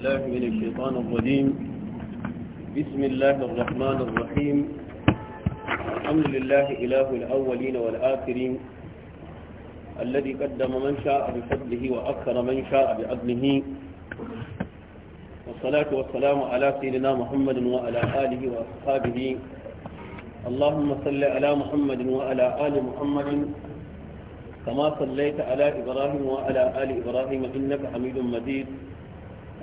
بالله من الشيطان الرجيم بسم الله الرحمن الرحيم الحمد لله إله الأولين والآخرين الذي قدم من شاء بفضله وأكثر من شاء بعدله والصلاة والسلام على سيدنا محمد وعلى آله وأصحابه اللهم صل على محمد وعلى آل محمد كما صليت على إبراهيم وعلى آل إبراهيم إنك حميد مجيد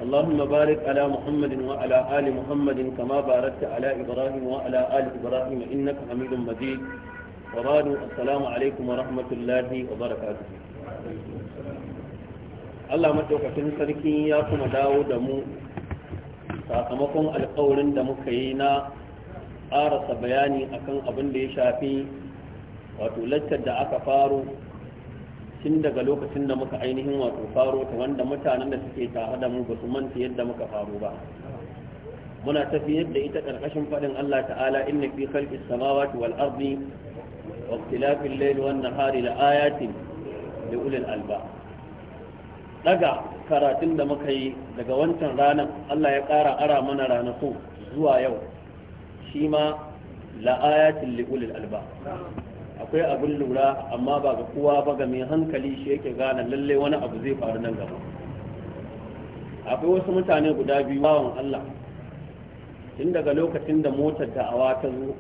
اللهم بارك على محمد وعلى آل محمد كما باركت على إبراهيم وعلى آل إبراهيم إنك حميد مجيد وبعد السلام عليكم ورحمة الله وبركاته Allah madaukakin sarki ya kuma dawo da mu sakamakon alkawarin da muka yi na ƙarasa bayani akan abin da ya shafi wato laccar da aka faro tun daga lokacin da muka ainihin wato faro ta wanda mutanen da suke tare da mu ba su manta yadda muka faro ba muna tafiyar da ita karkashin faɗin Allah ta'ala inna fi khalqis samawati wal ardi wa ikhtilafil layli wan nahari la ayatin li ulil daga karatun da muka yi daga wancan ranar Allah ya ƙara ara mana ranaku zuwa yau shi ma la'ayatin li'ulil alba akwai abin lura amma ba ga kowa ba ga mai hankali shi yake gane lalle wani abu zai faru nan gaba akwai wasu mutane guda biyu bawan Allah tun daga lokacin da motar da awa ta zo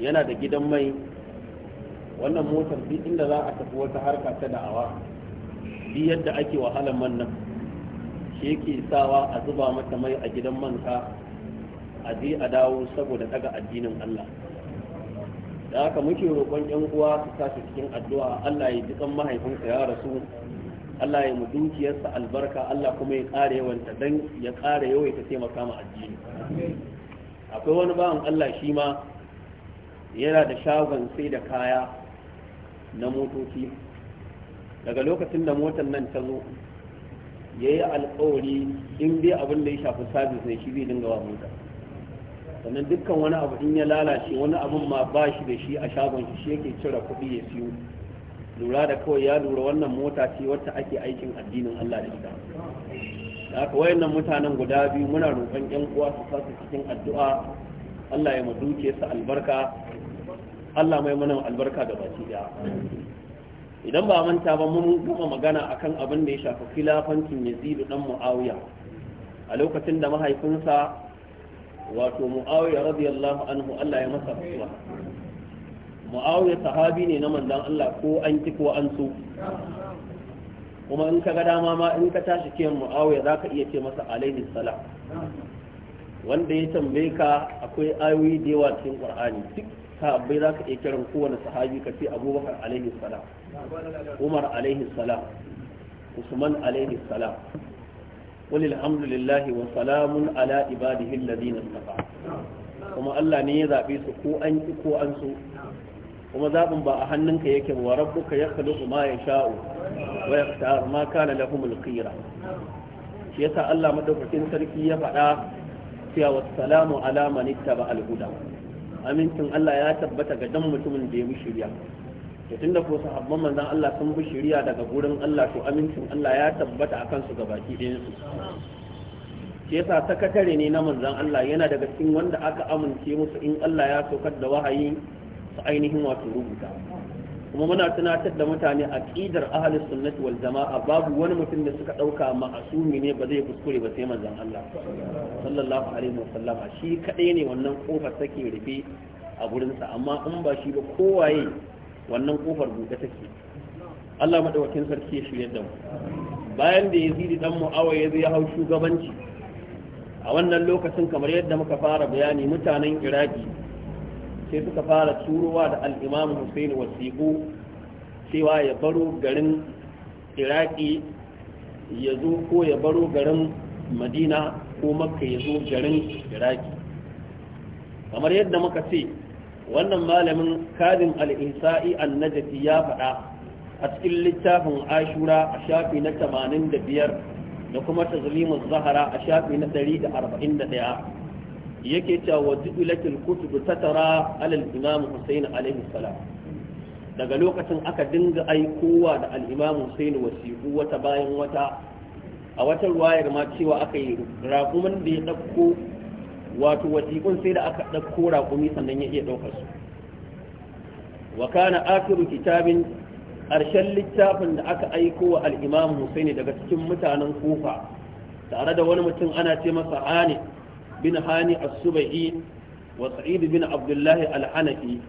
yana da gidan mai wannan motar duk inda za a tafi wata harka ta awa bi yadda ake wahalar man nan shi yake sawa a zuba mata mai a gidan manka a je a dawo saboda daga addinin Allah da haka muke roƙon yan uwa su tashi cikin addu'a Allah ya ji kan mahaifinsa ya rasu Allah ya mu dukiyarsa albarka Allah kuma ya ƙara yawanta dan ya ƙara yawaita taimaka ma addini akwai wani bawan Allah shi ma yana da shagon sai da kaya na motoci daga lokacin da motar nan ta zo ya yi alkawari in dai abin da ya shafi sabis ne shi zai dinga wa mota sannan dukkan wani abu in ya lalace wani abun ma ba shi da shi a shagon shi shi yake cire kuɗi ya siyo lura da kawai ya lura wannan mota ce wacce ake aikin addinin Allah da ita da haka wayannan mutanen guda biyu muna roƙon ƴan uwa su sasu cikin addu'a Allah ya maduke su albarka Allah mai mana albarka da baki da idan ba manta ba mun gama magana akan abin da ya shafi khilafancin Yazid dan Muawiya a lokacin da mahaifinsa wato mu'awiyar radiyallahu anhu Allah ya masa rasuwa mu'awiyar sahabi ne na manzan Allah ko an ki ko an so kuma in ka ga dama ma in ka tashi kiyan za ka iya ce masa alaihi sala wanda ya tambaye ka akwai ayoyi da yawa cikin qur'ani duk sahabbai ka iya kiran kowane sahabi ka ce abubakar alaihi sala umar alaihi sala usman alaihi sala walil hamdulillahi wa salamun ala ibadihi alladhina istafa kuma Allah ne ya zabe su ko an ki ko an so kuma zabin ba a hannunka yake wa ya yakhluqu ma ya wa yaktar ma kana lahum alqira shi yasa Allah madaukakin sarki ya faɗa cewa wassalamu ala man ittaba amincin Allah ya tabbata ga dan mutumin da ya bi shirya to tunda ko sahabban manzon Allah sun bi shari'a daga gurin Allah to amincin Allah ya tabbata a kansu su gabaki ɗayan su shi yasa sakatare ne na manzon Allah yana daga cikin wanda aka amince musu in Allah ya saukar da wahayi su ainihin wato rubuta kuma muna tunatar da mutane aqidar ahlus sunnati wal jama'a babu wani mutum da suka dauka ma'asumi ne ba zai kuskure ba sai manzon Allah sallallahu alaihi wasallam shi kadai ne wannan kofar take rufe a sa amma in ba shi ba kowaye wannan kofar buɗe take Allah madaukakin sarki ya shirye da mu bayan da Yazid dan mu'awa ya zo ya hau shugabanci a wannan lokacin kamar yadda muka fara bayani mutanen Iraki sai suka fara turowa da al-Imam Hussein cewa ya baro garin Iraki ya zo ko ya baro garin Madina ko Makka ya zo garin Iraki kamar yadda muka ce wannan malamin kadin al'isa'i ihsai ya faɗa a cikin littafin ashura a shafi na 85 da kuma tazlimuz zahara a shafi na 141 yake cewa wajibilatul kutub tatara alal imam husain alaihi daga lokacin aka dinga aikowa da al-imam husain wata bayan wata a wata wayar ma cewa aka yi rakuman da ya ɗauko. wato wasiƙun sai da aka ɗauko raƙumi sannan ya iya ɗaukar su wa kana akiru kitabin ƙarshen littafin da aka aiko wa al'imam husaini daga cikin mutanen kufa tare da wani mutum ana ce masa hani bin hani as-subai wa sa'id bin abdullahi al-hanafi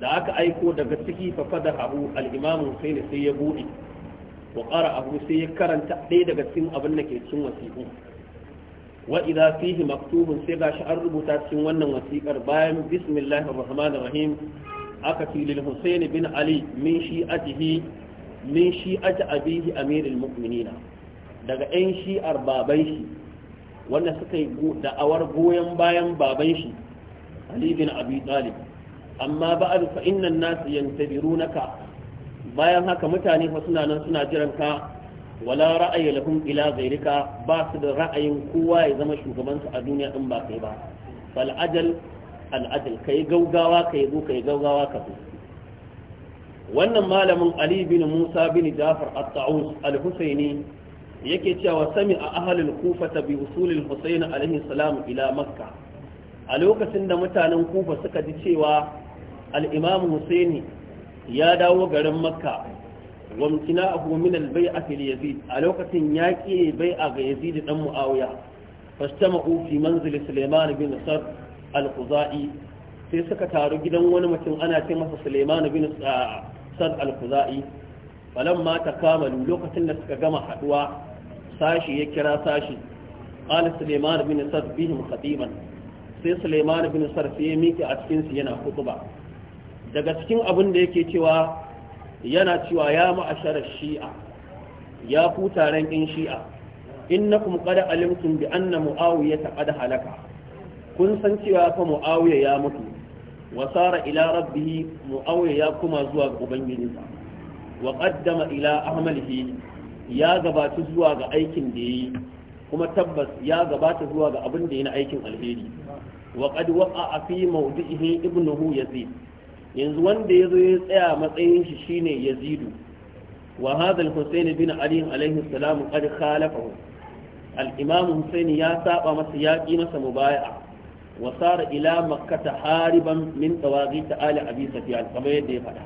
da aka aiko daga ciki fa fada abu al-imam husaini sai ya buɗe wa ƙara abu sai ya karanta ɗaya daga cikin abin da ke cikin wasiku. waiza fihi maktubun sai gashi an rubuta cikin wannan wasiƙar bayan bismillahir rahmanir rahim aka ce lil bin ali min shi'atihi min shi'ati abihi amirul mu'minina daga yan shi'ar baban shi wanda suka yi da'awar goyon bayan baban shi ali bin abi talib amma ba'd fa innan nas yantabirunaka bayan haka mutane fa suna nan suna jiran ka wala ra'ayi lahum ila ghayrika ba su da ra'ayin kowa ya zama shugaban su a duniya din ba kai ba fal ajal al ajal kai gaugawa kai zo kai gaugawa ka zo wannan malamin Ali bin Musa bin Jafar at-Ta'us al-Husaini yake cewa sami a ahalul kufa ta bi usulul Husain alaihi salam ila Makka a lokacin da mutanen Kufa suka ji cewa al-Imam Husaini ya dawo garin Makka وامتناعه من البيعة ليزيد ألوكة ياكي بيعة يزيد أم معاوية a في منزل bin بن al-kuza'i sai suka taru gidan wani mutum ana ce masa Suleiman bin Sad al kuzai falan ma ta kamalu lokacin da suka gama haɗuwa sashi ya kira sashi qala Suleiman bin Sad bihim khatiban sai Suleiman bin Sad sai miki a cikinsu yana hutuba daga cikin abin da yake cewa yana cewa ya ma'asharar shi'a ya ku taron in shi'a innakum qad alimtum bi anna taɓa da halaka kun san cewa fa muawiya ya mutu wa sara ila rabbihi muawiya ya kuma zuwa ga ubangijinsa wa qaddama ila ahmalihi ya gabata zuwa ga aikin da yi, kuma tabbas ya gabata zuwa ga abin da yi na aikin alheri wa qad waqa fi mawdihi ibnuhu yazid yanzu wanda ya zo ya tsaya matsayin shi shine yazidu wa hadha bin ali alayhi salam qad khalafahu al-imam ya saba masa yaƙi masa mubaya'a wa sara ila makkah hariban min ta ali abi sufyan kamar yadda ya faɗa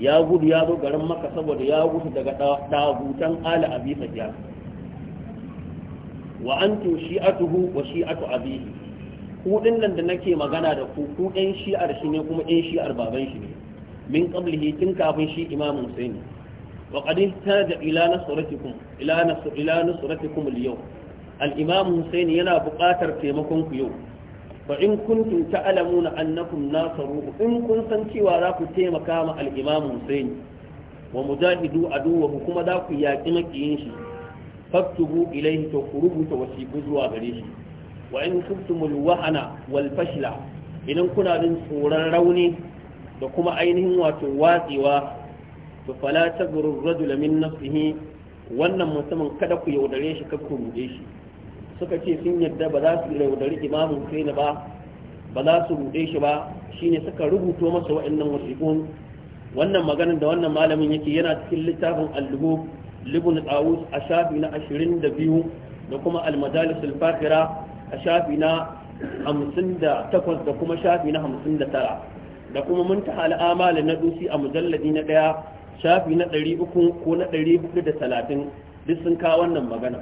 ya gudu ya zo garin maka saboda ya gudu daga dagutan ali abi sufyan wa antum shi'atuhu wa shi'atu abihi kudin nan da nake magana da ku ku ɗan shi'ar shi ne kuma ɗan shi'ar baban shi ne min qablihi tun kafin shi imam Hussein wa qad ihtaja ila nasratikum ila nasr ila nasratikum al-yawm al-imam yana buƙatar taimakon ku yau fa in kuntum ta'lamuna annakum nasaru in kun san cewa za ku taimaka ma al-imam Hussein wa mujahidu aduwahu kuma za ku yaƙi makiyin shi faktubu ilaihi to ku rubuta zuwa gare shi wa in kuntumul wahana wal fashla idan kuna jin tsoron rauni da kuma ainihin wato watsewa to fala taghurur rajul min nafsihi wannan musamman kada ku yaudare shi kada ku shi suka ce sun yadda ba za su yaudari imamu na ba ba za su ruɗe shi ba shine suka rubuto masa wa'annan wasiqun wannan maganar da wannan malamin yake yana cikin littafin al-lubub libun a shafi na 22 da kuma al-majalis al-fakira a shafi na 58 da kuma shafi na 59 da kuma muntaha al'amali na dusi a mujalladi na daya shafi na 300 ko na 430 duk sun kawo wannan magana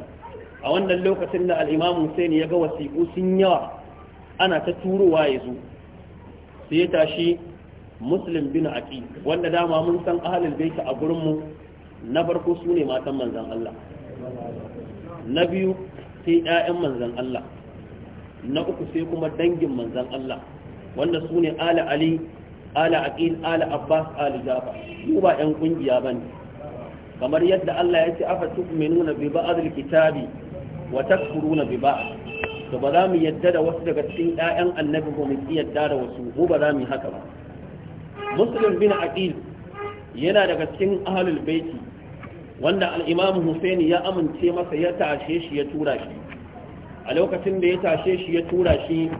a wannan lokacin da al'imamu Hussein ya ga wasiƙu sun yawa ana ta turowa ya zo sai ya tashi muslim bin aki wanda dama mun san ahalin baiti a gurinmu na farko su ne matan manzan Allah na biyu sai 'ya'yan manzan Allah na uku sai kuma dangin manzan Allah wanda su ne ala ali ala aqil ala abbas ala jaba su ba yan kungiya bane kamar yadda Allah ya ce afa tu'minuna bi ba'd kitabi wa takfuruna bi ba'd to ba za mu yadda da wasu daga cikin ƴaƴan annabi ba mu yadda da wasu ko ba za mu haka ba muslim bin aqil yana daga cikin ahlul baiti wanda al-imam Husaini ya amince masa ya tashe shi ya tura shi a lokacin da ya tashe shi ya tura shi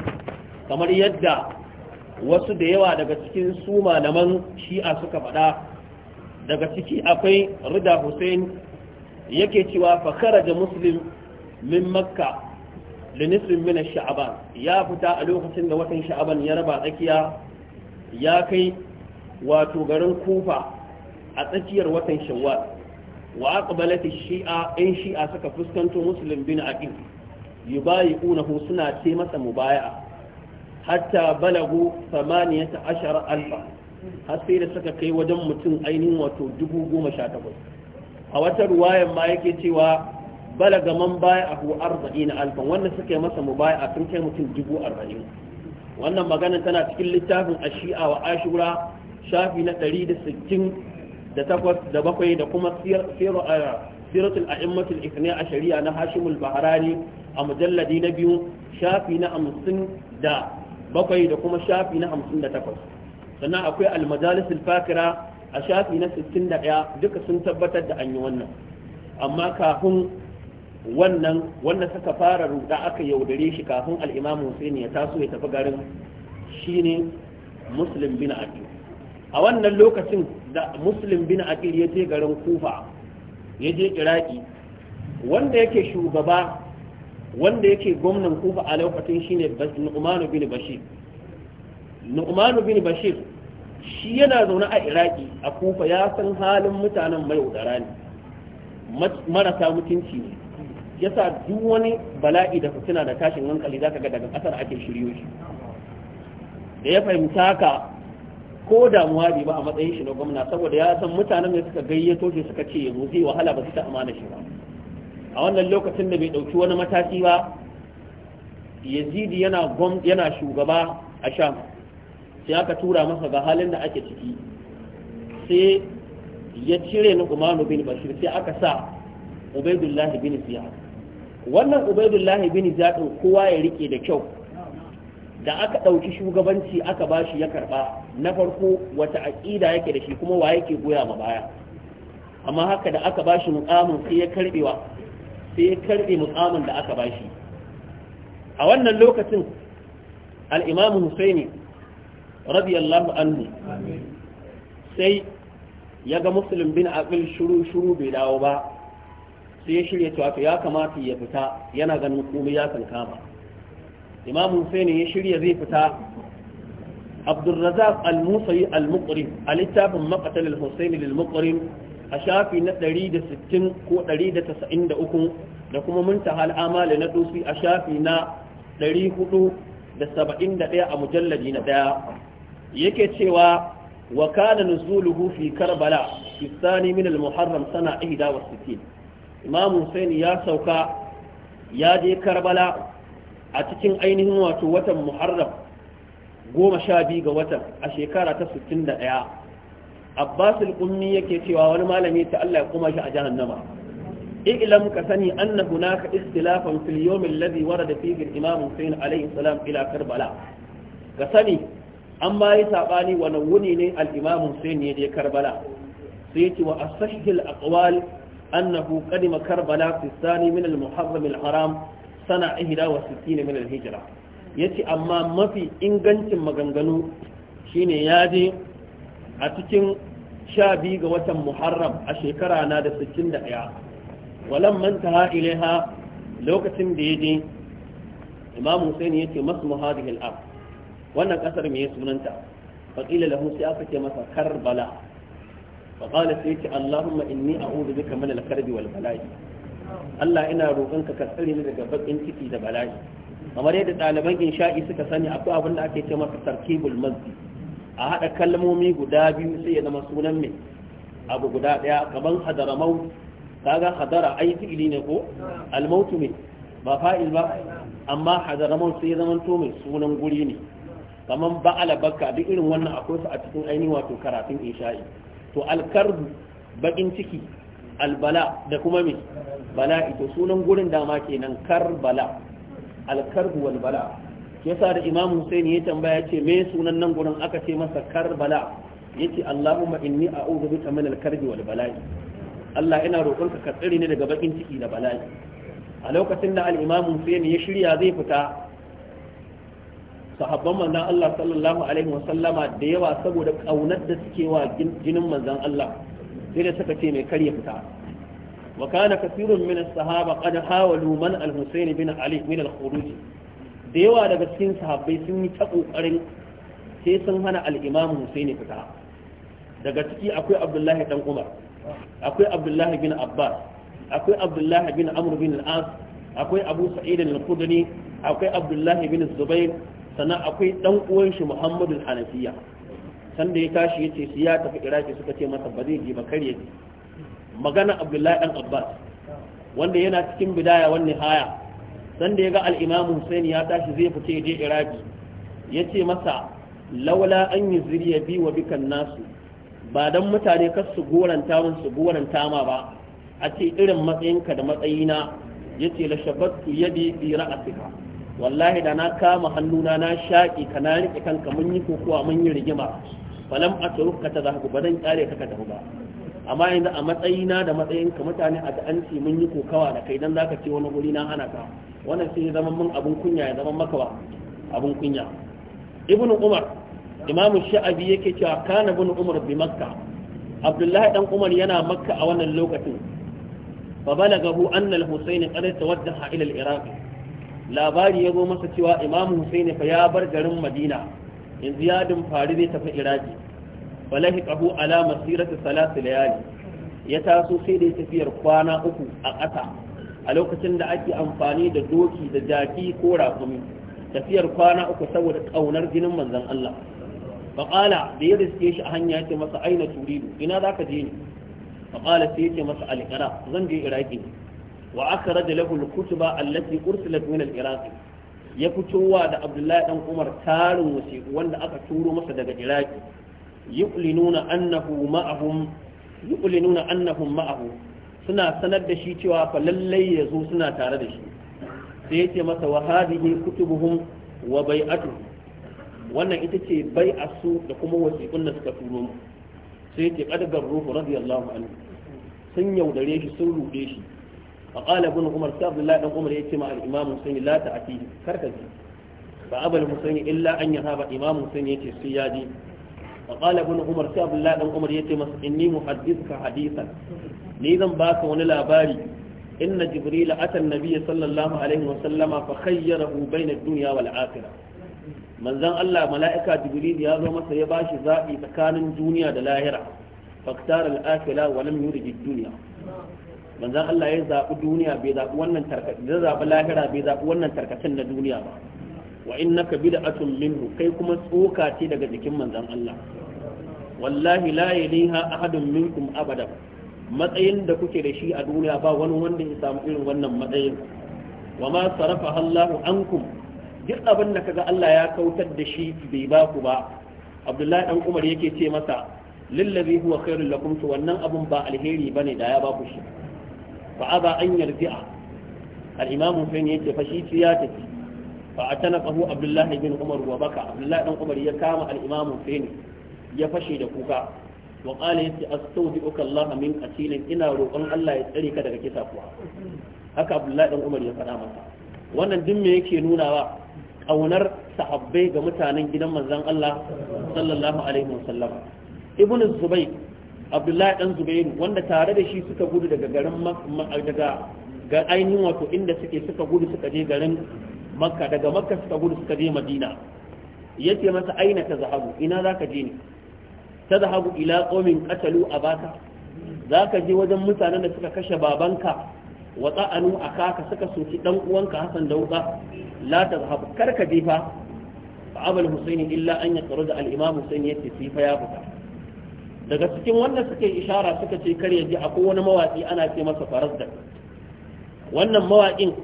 kamar yadda wasu da yawa daga cikin su malaman shi'a suka faɗa daga ciki akwai rida hussein yake cewa fakara da muslim min makka da nisrin mina sha'aban ya fita a lokacin da watan sha'aban ya raba tsakiya ya kai wato garin kufa a tsakiyar watan shawwal wa aqbalati shi'a in shi'a suka fuskanto muslim bin aqil yi yubayi'unahu suna ce masa mu mubaya'a hatta balagu ta 18 alfa har sai da suka kai wajen mutum ainihin wato 18 a wata ruwayan ma yake cewa balaga man baya'ahu arba'in alfan wanda suka yi masa mu baya a sun kai mutum 40 wannan magana tana cikin littafin ashi'a wa ashura shafi na 160 da takwas da bakwai da kuma siratul a'immatul ithna ashariya na hashimul baharani a mujalladi na biyu shafi na hamsin da bakwai da kuma shafi na hamsin da takwas sannan akwai almajalis fakira a shafi na sittin da ɗaya duka sun tabbatar da an yi wannan amma kafin wannan wanda suka fara ruda aka yaudare shi kafin al'imam Hussein ya taso ya tafi garin shine muslim bin aqil a wannan lokacin da muslim bin aqil ya je garin kufa ya je iraki wanda yake shugaba wanda yake gwamnan kufa a lokacin shine nu'manu bin bashir nu'manu bin bashir shi yana zaune a iraki a kufa ya san halin mutanen mai udara ne marasa mutunci ne ya sa duk wani bala'i da fitina da tashin hankali ka ga daga kasar ake shiryo shi da ya fahimta ka ko damuwa bai ba a matsayin shi na gwamna saboda ya san mutanen da suka gayyato shi suka ce yanzu zai wahala ba su ta amana shi ba a wannan lokacin da bai ɗauki wani mataki ba yazidi yana shugaba a sham sai aka tura masa ga halin da ake ciki sai ya cire ni Umaru bin bashir sai aka sa ubaidullahi bin ziyad wannan ubaidullahi bin ziyad kowa ya rike da kyau da aka ɗauki shugabanci aka bashi ya karba na farko wata aƙida yake da shi kuma wa yake goya ma baya amma haka da aka bashi mukamin sai ya karɓewa sai ya karbe mukamin da aka bashi a wannan lokacin al'imamu husaini radiyallahu anhu sai ya ga musulun bin aqil shuru-shuru bai dawo ba sai ya shirya cewa ya kamata ya fita yana ganin komai ya kankama imamu husaini ya shirya zai fita abdulrazak al-musayi al-muqrim a littafin maqatal husaini Al-mukurin. a shafi na 160 ko 193 da kuma muntahal amali na dusi a shafi na 471 a mujalladi na daya yake cewa wa kana nuzuluhu fi karbala fi thani min al-muharram sana 61 imam husain ya sauka ya je karbala a cikin ainihin wato watan muharram goma sha biyu ga watan a shekara ta 61 abbas ummi yake cewa wani malami ta Allah ya kuma shi a jahannama i'lam ka sani naka hunaka istilafan fil yawm alladhi warada fihi al-imam Hussein alayhi salam ila Karbala ka sani an ma yi sabani wani wuni ne al-imam Hussein ne je Karbala sai yace wa asahhi al-aqwal annahu qadima Karbala fi thani min al-muharram al-haram sana 61 min al-hijra yace amma mafi ingancin maganganu shine ya je a cikin sha biyu ga watan muharram a shekara na da ɗaya. walan manta ha ilaiha lokacin da ya je imam husaini ya ce masu muhadihi al'ab wannan ƙasar mai sunanta faƙila lahu sai aka ce masa karbala faƙala sai ce allahumma inni a hudu min mana karbi wal bala'i Allah ina roƙonka ka tsare ni daga bakin ciki da bala'i kamar yadda ɗaliban insha'i suka sani akwai abin da ake ce masa tarkibul masjid a haɗa kalmomi guda biyu sai ya zama sunan mai abu guda ɗaya kaman hadara mau kaga hadara ai fi'ili ne ko almautu ne ba fa'il ba amma hadara mau sai ya zama to mai sunan guri ne kaman ba'ala bakka duk irin wannan akwai su a cikin ainihin wato karatun isha'i to alkarbu baƙin ciki albala da kuma mai bala'i ito sunan gurin dama kenan karbala alkarbu wal bala yasa da imam husaini ya tambaya ce me sunan nan gurin aka ce masa karbala yace allahumma inni a'udhu bika min alkarbi wal bala'i Allah ina roƙonka ka tsare ni daga bakin ciki da bala'i a lokacin da al-imam husaini ya shirya zai fita sahabban manzon Allah sallallahu alaihi wa sallama da yawa saboda kaunar da suke wa jinin manzon Allah sai da suka ce mai karya fita وكان كثير من sahaba قد luman منع bin ali علي من da yawa daga cikin sahabbai sun yi ta kokarin sai sun hana al'imamu Hussein fita daga ciki akwai Abdullahi dan Umar akwai Abdullahi bin Abbas akwai Abdullahi bin Amr bin al-As akwai Abu Sa'id al-Khudri akwai Abdullahi bin Zubair sannan akwai dan uwan shi Muhammad al-Hanafiya sanda ya tashi yace sai ya tafi Iraki suka ce masa ba zai je ba kare magana Abdullahi dan Abbas wanda yana cikin bidaya wannan haya sanda ya ga al'imamu Hussein ya tashi zai fice je Iraki ya ce masa laula an yi zuriya bi wa bikan nasu ba don mutane kar su goranta min su goranta ma ba a ce irin matsayinka da matsayina ya ce la shabbatu yadi bi ra'asika wallahi da na kama hannuna na shaƙi ka na riƙe kanka mun yi kokowa mun yi rigima falam a ka ta zahabu ba zan ƙare ka ka ba amma yanzu a matsayina da matsayinka mutane a an mun yi kokawa da kai dan zaka ce wani guri na ana ka wannan sai zama mun abin kunya ya zama maka ba abin kunya ibn umar imamu sha'abi yake cewa kana ibn umar bi makka abdullahi dan umar yana makka a wannan lokacin fa balagahu anna al-husayn qad tawaddaha ila al-iraq labari ya zo masa cewa imamu husayn fa ya bar garin madina yanzu ya dumfari zai tafi iraki falahiqahu ala masirati salasi layali ya taso sai da tafiyar kwana uku a ƙasa a lokacin da ake amfani da doki da jaki ko rakumi tafiyar kwana uku saboda ƙaunar jinin manzon Allah faƙala da ya riske shi a hanya yake masa aina turidu ina za ka je ni faƙala sai yake masa alƙara zan je iraki ne wa aka raja lahu al-kutuba allati ursilat min al ya fitowa da abdullahi dan umar tarin wasiqu wanda aka turo masa daga iraki yuqlinuna annahu ma'ahum yuqlinuna annahum ma'ahu suna sanar da shi cewa fa lallai yazo suna tare da shi sai yace masa wa hadhihi kutubuhum wa bai'atuhum wannan ita ce bai'asu da kuma wasiqun da suka turo mu sai yace qad ruhu radiyallahu anhu sun yaudare shi sun rude shi Umar, فقال ابن عمر سعد الله بن عمر يتي مع الامام حسين لا تاتيه كركزي فابى الحسين الا ان يهاب امام حسين يتي سيادي فقال ابن عمر سي عبد الله بن عمر يتي مس اني محدثك حديثا ني زن باك وني لاباري ان جبريل اتى النبي صلى الله عليه وسلم فخيره بين الدنيا والاخره من زن الله ملائكه جبريل يا زو masa ya bashi zabi tsakanin duniya da lahira faktar al-akhirah wa lam yurid ad ya duniya bai zabi wannan tarkacin da zabi lahira bai zabi wannan tarkacin na duniya ba wa innaka bid'atun minhu kai kuma tsoka ce daga jikin manzon Allah wallahi la yaliha ahadun minkum abada matsayin da kuke da shi a duniya ba wani wanda ya samu irin wannan matsayin wa ma sarafa Allahu ankum duk abin da kaga Allah ya kautar da shi bai ba ku ba Abdullahi dan Umar yake ce masa lillazi huwa khairul lakum to wannan abun ba alheri bane da ya ba ku shi fa aba an yarji'a al-imamu fa yake fashi ya tafi فأتنقه عبد الله بن عمر وبكى عبد الله بن عمر يكام الإمام فين يفشي دكوكا وقال يتي أستودئك الله من قتيل إنا روحان الله يتري كدك كتابها هكا عبد الله بن عمر يفنى مكا وانا دم nuna نونا ƙaunar sahabbai ga mutanen gidan manzon Allah sallallahu alaihi wasallam abdullahi dan Zubairu, wanda tare da shi suka gudu daga garin daga ga ainihin wato inda suke suka gudu suka je garin makka daga makka suka gudu suka je madina yace masa aina ta zahabu ina za ka je ne ta zahabu ila ƙomin ƙatalu a baka za ka je wajen mutanen da suka kashe babanka wa tsa'anu a kaka suka soki ɗan uwanka hasan da wuka la ta zahabu kar ka je fa fa abul husaini illa an ya tsaro da al'imam husaini ya fi fa ya fita daga cikin wanda suka ishara suka ce kar ya je akwai wani mawaƙi ana ce masa farazda wannan mawaƙin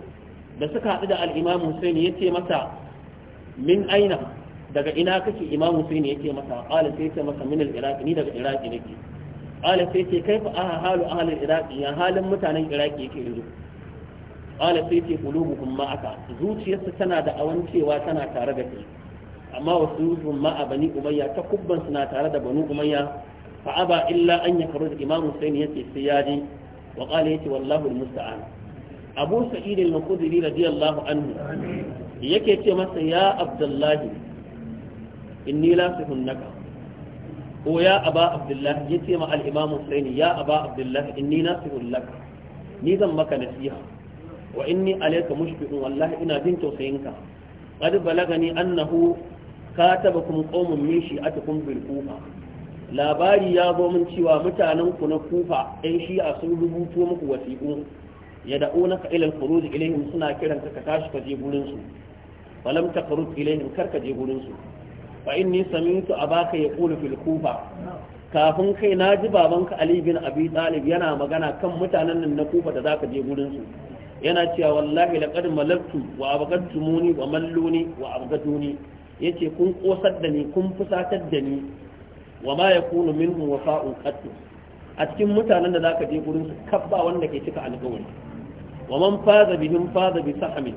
da suka haɗu da al-imam Hussein yace masa min aina daga ina kake imam Hussein ce masa qala sai yace masa min al-iraq ni daga iraq nake qala sai kai kaifa aha halu ahli al ya halin mutanen iraq yake yanzu qala sai yace qulubuhum ma'aka zuciyarsu tana da awancewa tana tare da kai amma wasu ma'a bani umayya ta kubban suna tare da banu umayya fa aba illa an yakru al-imam Hussein ce sai yaji wa qala yace wallahu al-musta'an abu sa'id al-khudri radiyallahu anhu yake ce masa ya abdullahi inni la suhunnaka ko ya aba abdullahi yace ma al-imam husaini ya aba abdullahi inni nasihun laka ni zan maka nasiha wa inni alayka mushfiqun wallahi ina jin tausayinka qad balagani annahu katabakum qaumun min shi'atikum bil kufa labari ya zo min cewa mutanen ku na kufa ɗan shi'a sun rubuto muku wasiƙu yad'unaka ila ilal khuruj ilayhim suna kiranka ka tashi ka je gurin su falam takhruj ilayhim kar ka je gurin su fa inni sami'tu abaka yaqulu fil kufa kafin kai na ji babanka ali bin abi talib yana magana kan mutanen nan na kufa da zaka je gurin su yana cewa wallahi laqad malaktu wa abaqtumuni wa malluni wa abaqtuni yace kun kosar da ni kun fusatar da ni wa ma yakunu minhum wafa'un qattu a cikin mutanen da zaka je gurin su kabba wanda ke cika alƙawari wa man faza bihim faza bi sahmin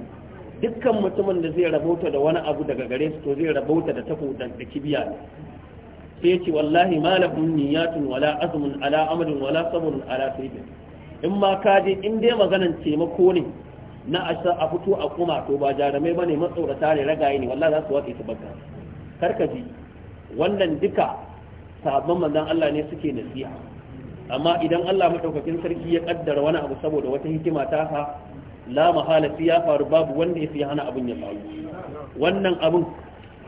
dukkan mutumin da zai rabauta da wani abu daga gare su to zai rabauta da tafo da kibiya sai ce wallahi malakum niyatun wala azumin ala amalin wala sabrun ala sayyidin in ma ka je in dai maganan taimako ne na asa a fito a kuma to ba jarumai ne matsaurata ne ragaye ne wallahi za su watsa su baka karkaji wannan duka sabon manzon Allah ne suke nasiha amma idan Allah madaukakin sarki ya kaddara wani abu saboda wata hikima ta sa la mahala ya faru babu wanda ya fi hana abin ya faru wannan abun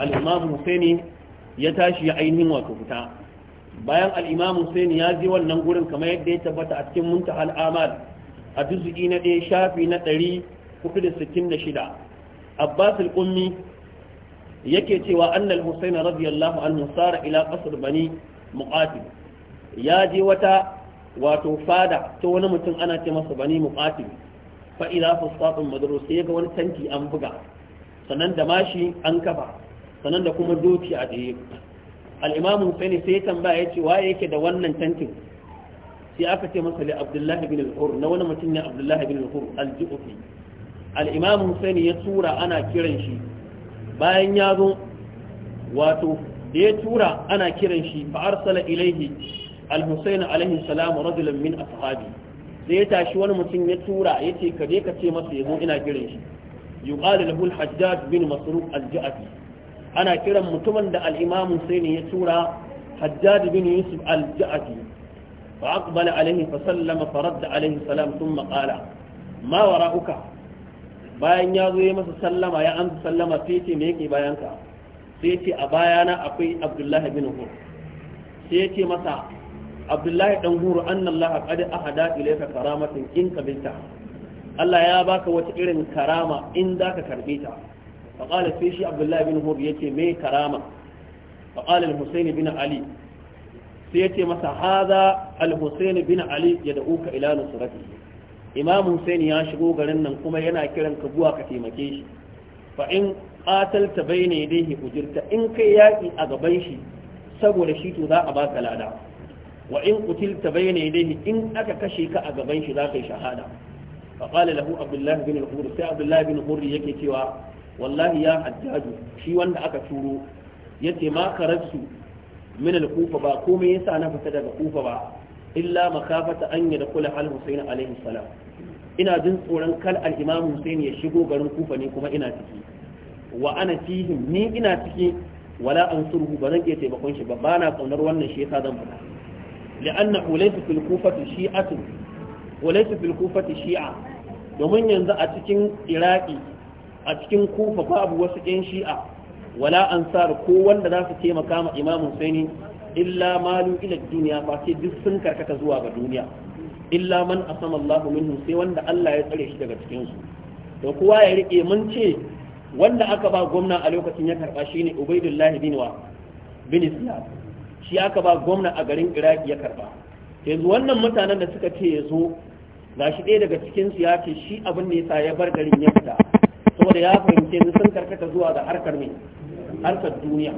al-Imam Husaini ya tashi ya ainihin wato fita bayan al-Imam Husaini ya je wannan gurin kamar yadda ya tabbata a cikin Muntahal Amal a juz'i na 1 shafi na 466 Abbas al-Ummi yake cewa annal Husaini radiyallahu anhu sara ila qasr bani Muqatil ya je wata wato fada ta wani mutum ana ce masa bani muqatil fa ila fusqatun madrus sai ga wani tanki an buga sannan da mashi an kafa sannan da kuma doki a tsaye al-imam sai tambaya yace waye yake da wannan tankin sai aka ce masa li Abdullah ibn al-Hur na wani mutum ne Abdullahi bin al-Hur al-Ju'fi al-imam ya tura ana kiran shi bayan ya zo wato da ya tura ana kiran shi fa arsala ilaihi al-husayn alaihi salam rajulun min ashabi sai ya tashi wani mutum ya tura yace ka je ka ce masa yazo ina kiran shi yuqalu lahu al-hajjaj bin masruq al-ja'fi ana kiran mutumin da al-imam husayn ya tura hajjaj bin yusuf al-ja'fi fa aqbala alaihi fa sallama fa radda alaihi salam thumma qala ma wara'uka bayan ya zo ya masa sallama ya amsa sallama sai ce me yake bayanka sai ce a bayana akwai abdullahi bin hur sai ce masa abdullahi dan huru annallaha qad ahada ilayka karamatin in qabilta Allah ya baka wata irin karama in zaka karbe ta fa qala sai shi abdullahi bin huru yace me karama fa qala al-husayn bin ali sai yace masa hadha al-husayn bin ali yad'uka ila nusrati imam husayn ya shigo garin nan kuma yana kiran ka zuwa ka taimake shi fa in qatalta bayna yadayhi ujirta in kai yaki a gaban shi saboda shi to za a baka lada wa in qutilta dai yadayhi in aka kashe ka a gaban shi zaka yi shahada fa qala lahu abdullah bin al-hur sai abdullah bin al-hur yake cewa wallahi ya hajjaju shi wanda aka turo yace ma karasu min al-kufa ba komai yasa na fita daga kufa ba illa makafata an kula al-husayn alayhi salam ina jin tsoron kal al-imam ya shigo garin kufa ne kuma ina ciki wa ana fihim ni ina ciki wala ansuruhu ba zan iya taimakon shi ba bana kaunar wannan shi yasa zan fita لأنه ليس في الكوفة شيعة وليس في الكوفة شيعة domin yanzu a cikin iraki a cikin kufa babu wasu 'yan shi'a wala ansar ko wanda za su taimaka ma imam husaini illa malu ila duniya ba sai duk sun karkata zuwa ga duniya illa man asama Allahu minhu sai wanda Allah ya tsare shi daga cikin su to kowa ya rike mun ce wanda aka ba gwamna a lokacin ya karba shine Ubaidullah bin wa bin Islam shi aka ba gwamna a garin iraki ya karba yanzu wannan mutanen da suka ce ya zo ga shi ɗaya daga cikin su ya ce shi abin ne yasa ya bar garin ya fita saboda ya fahimce ni sun karkata zuwa ga harkar mai harkar duniya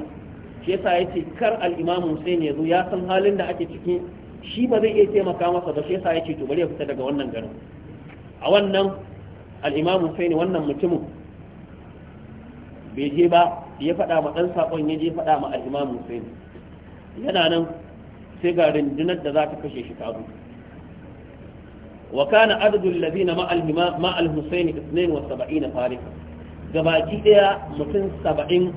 shi yasa ya ce kar al-imam Hussein ya zo ya san halin da ake ciki shi ba zai iya taimaka masa ba shi yasa ya ce to bari ya fita daga wannan garin a wannan al-imam Hussein wannan mutumin bai je ba ya faɗa ma ɗan sakon ya je faɗa ma al-imam Hussein yana nan sai ga rundunar da za ta kashe shi ta wa kana husaini 72 gabaki daya mutum 70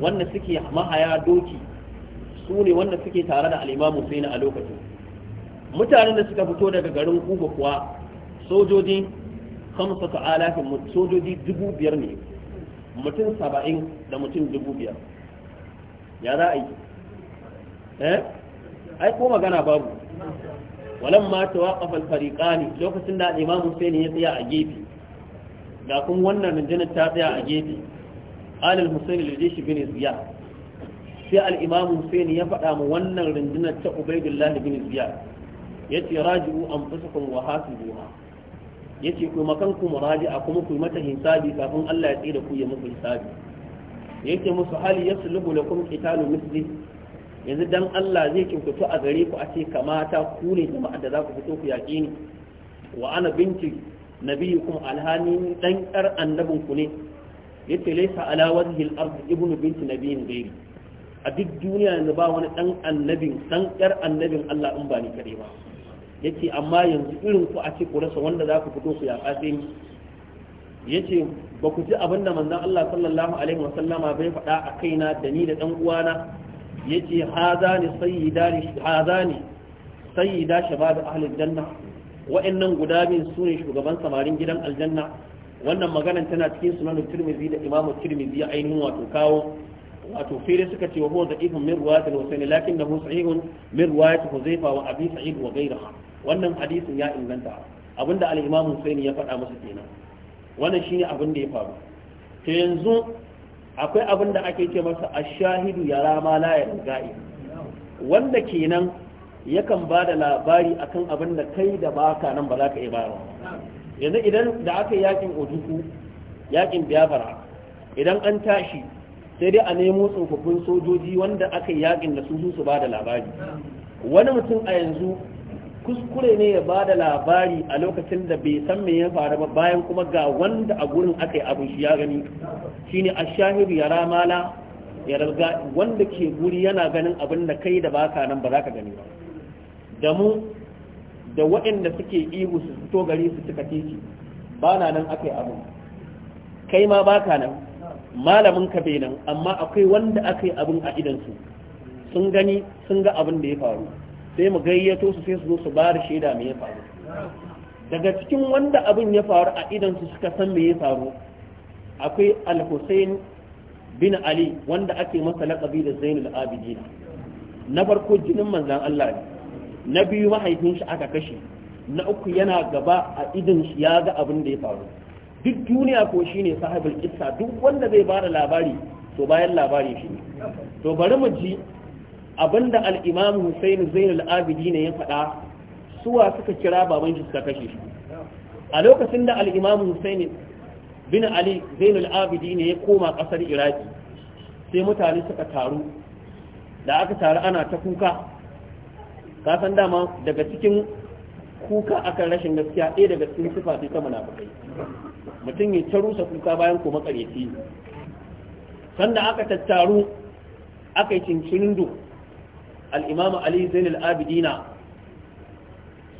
wanda suke mahaya doki su ne wanda suke tare da al-imam a lokacin mutanen da suka fito daga garin kuba kuwa sojoji 5000 sojoji 5000 ne mutum 70 da mutum 5000 ya za a yi Eh? ai ko magana babu walamma tawaqafa al-fariqani lokacin da Imam Hussein ya tsaya a gefe ga kun wannan rundunar ta tsaya a gefe hussein الحسين shi bin زياد sai al imam Hussein ya faɗa mu wannan rundunar ta Ubaidullah bin Ziyar ya ce raji'u an fusukun wa hasu zuwa ya ce ku kan ku muraji'a kuma ku mata hisabi kafin Allah ya tsira ku ya muku hisabi ya ce musu hali ya sulubu da kuma misli yanzu dan Allah zai kyautatu a gare ku a ce kamata ku ne jama'a da za ku fito ku yaƙi ni wa ana binti kuma alhani dan kar annabin ku ne yace laysa ala wajhi al-ard ibnu binti nabiyin gairi a duk duniya yanzu ba wani dan annabin dan kar annabin Allah in ba ni kare ba yace amma yanzu irin ku a ce ku rasa wanda za ku fito ku yaƙa sai ni yace ba ku ji abin da manzon Allah sallallahu alaihi wasallama bai faɗa a kaina da ni da dan uwana yace ce haza hadani sayyida shabab ahli janna wa'annan guda biyun sune shugaban samarin gidan aljanna wannan maganan tana cikin sunan tirmidhi da imam ya ainihin wato kawo wato fere suka ce wa huwa da'ifun min riwayat al-husaini lakinnahu sahihun min riwayat huzaifa wa abi sa'id wa ghayriha wannan hadisin ya inganta abinda al-imam husaini ya faɗa masa kenan wannan shine abin da ya faru to yanzu akwai abin da ake ce masa ashahidu ya rama la ya ga'i wanda kenan yakan ba da labari akan abin da kai da baka nan ba za ka iya ba yanzu idan da aka yi yakin ojuku yakin biyafara idan an tashi sai dai a nemo tsofaffin sojoji wanda aka yi yakin da su su ba da labari wani mutum a yanzu kuskure ne ya bada labari a lokacin da bai san me ya faru ba bayan kuma ga wanda a gurin aka yi abin shi ya gani shine ashahiru ya ramala ya ralga wanda ke guri yana ganin abin da kai da baka nan ba za ka gani ba da mu da waɗanda suke ihu su fito gari su suka titi ba na nan aka yi abin kai ma baka nan malamin ka bai nan amma akwai wanda aka yi abin a su, sun gani sun ga abin da ya faru sai mu gayyato su sai su zo su ba da shaida me ya faru daga cikin wanda abin ya faru a idan su suka san me ya faru akwai al hussein bin Ali wanda ake masa laƙabi da Zainul Abidin na farko jinin manzan Allah ne na biyu mahaifin shi aka kashe na uku yana gaba a idan shi ya ga abin da ya faru duk duniya ko shine sahibul kissa duk wanda zai bada labari to bayan labari shi to bari mu ji abinda al-imam Hussein Zainul Abidin ya faɗa suwa suka kira baban shi suka kashe shi a lokacin da al-imam Hussein bin Ali Zainul Abidin ya koma kasar Iraki sai mutane suka taru da aka taru ana ta kuka ka san dama daga cikin kuka akan rashin gaskiya ɗaya daga cikin sifa sai ta munafikai mutum ya ta rusa kuka bayan ko makareci sanda aka tattaru aka yi duk. al ali zain abidina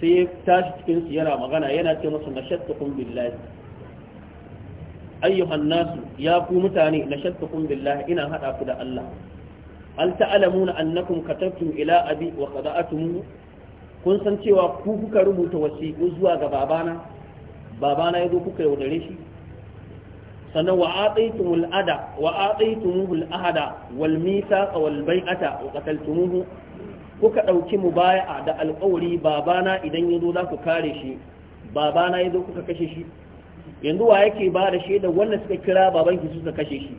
sai ya tashi cikinsu yana magana yana ce masu nashattukum billahi ayyuhan nasu ya ku mutane nashattukum billahi ina haɗa ku da Allah hal na annakum katabtum ila abi wa qada'atum kun san cewa ku kuka rubuta wasiƙu zuwa ga babana babana yazo kuka yaudare shi sannan wa ataytumul ada wa ataytumuhul ahada wal mithaqa wal bai'ata wa qataltumuhu kuka dauki mubaya'a da alƙawari babana idan yazo za ku kare shi babana yazo kuka kashe shi yanzu wa yake ba da shaida wanda suka kira babanki suka kashe shi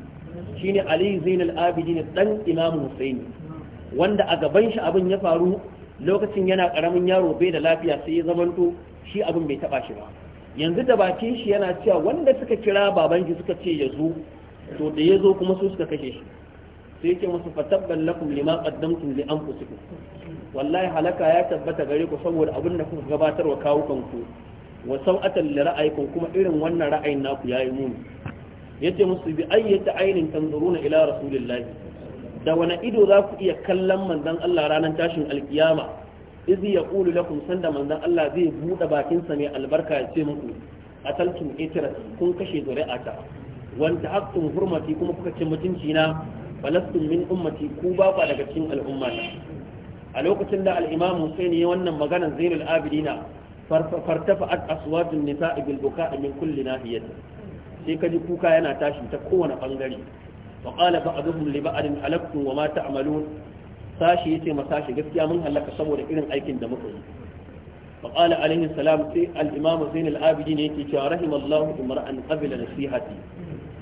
shine Ali Abidi ne dan Imam Husaini wanda a gaban shi abin ya faru lokacin yana karamin yaro bai da lafiya sai ya zamanto shi abin bai taba shi ba yanzu da bakin shi yana cewa wanda suka kira baban suka ce ya zo to da ya zo kuma su suka kashe shi sai yake musu fatabban lakum lima qaddamtum li anfusikum wallahi halaka ya tabbata gare ku saboda abin da kuka gabatar wa kawo kanku wa sau'atan li kuma irin wannan ra'ayin naku yayi muni yace musu bi ayyata ainin na ila rasulillahi da wani ido za ku iya kallon manzon Allah ranar tashin alkiyama iz yaqulu lakum sanda manzan Allah zai bude bakin sa mai albarka ya ce muku atalkum itrat kun kashe ta wanda haqqum hurmati kuma kuka ce mutunci na falastum min ummati ku ba ku daga cikin al'ummata a lokacin da al-imam Hussein ya wannan maganar Zainul Abidina fartafa'at aswatun nisa'i bil buka'i min kulli nahiyatin sai kaji kuka yana tashi ta kowane bangare wa qala ba'dhum li ba'din alaqtum wa ma ta'malun sashi yace ma shi. gaskiya mun halaka saboda irin aikin da muka yi faqala alaihi salam sai al-imam Zain al-Abidi ne yake cewa rahimallahu imra'an qabila nasihati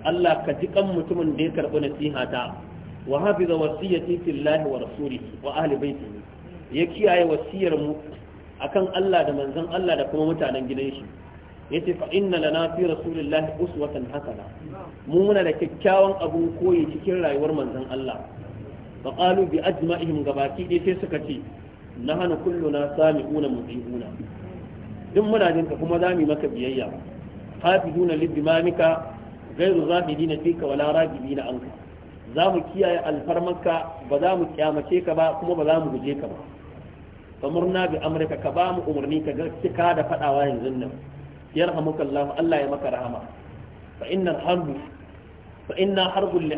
Allah ka ji kan mutumin da ya karbi nasiha ta wa hafiza wasiyati lillahi wa rasulihi wa ahli baitihi ya kiyaye wasiyar mu akan Allah da manzan Allah da kuma mutanen gidan shi yace fa inna lana fi rasulillahi uswatan hasana mu muna da kyakkyawan abun koyi cikin rayuwar manzon Allah fa qalu bi ajma'ihim gabaki dai sai suka ce na nahana kulluna sami'una muti'una duk muna jinka kuma za mu maka biyayya hafiduna libimamika ghairu zabidina fika wala na anka za mu kiyaye alfarmarka ba za mu kyamace ka ba kuma ba za mu guje ka ba famurna bi amurka ka ba mu umarni ka cika da fadawa yanzu nan yarhamuka Allah Allah ya maka rahama fa inna harbu fa inna harbun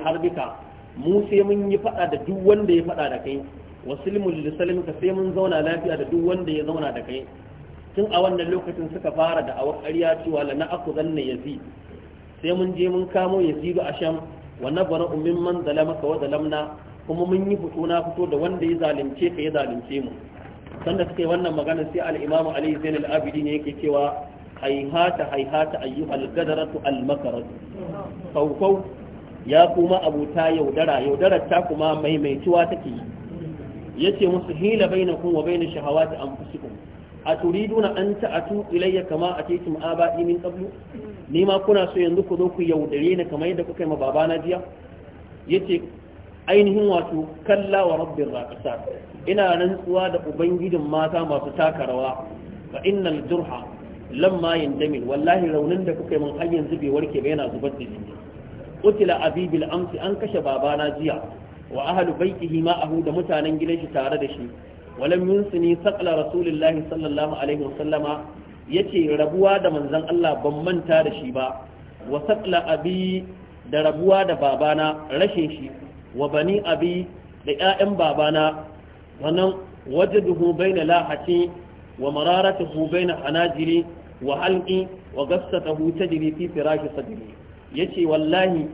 mu sai mun yi faɗa da duk wanda ya faɗa da kai wasilmul lisalim ka sai mun zauna lafiya da duk wanda ya zauna da kai tun a wannan lokacin suka fara da awar ƙarya cewa la na'aku zanna yazid sai mun je mun kamo yazidu a sham wa nabara ummin man zalamaka wa zalamna kuma mun yi fito na fito da wanda ya zalunce ka ya zalunce mu sanda suka yi wannan magana sai al-imam ali zain al-abidi ne yake cewa haihata haihata ayyuhal gadaratu al-makaratu kaukau ya kuma abuta yaudara yaudarar ta kuma maimaituwa take yi yace musu hila bainakum wa bain shahawati anfusikum aturiduna an ta'atu ilayya kama A aba'i min qablu ni ma kuna so yanzu ku zo ku yaudare ni kamar yadda kuka yi ma babana jiya yace ainihin wato kalla wa rabbir raqasa ina rantsuwa da ubangijin mata masu taka rawa fa innal jurha lamma yandamin wallahi raunin da kuka yi mun har yanzu bai warke ba yana zubar da jini qutila abibil amsi an kashe babana jiya wa ahlu baitihi ma'ahu da mutanen gidan shi tare da shi walam yunsini saqla rasulillahi sallallahu alaihi wasallama yace rabuwa da manzon Allah ban manta da shi ba wa saqla abi da rabuwa da babana rashin shi wa bani abi da ƴaƴan babana wannan wajaduhu baina lahati wa mararatuhu baina hanajiri wa halqi wa gassatahu tajri fi firashi sadri yace wallahi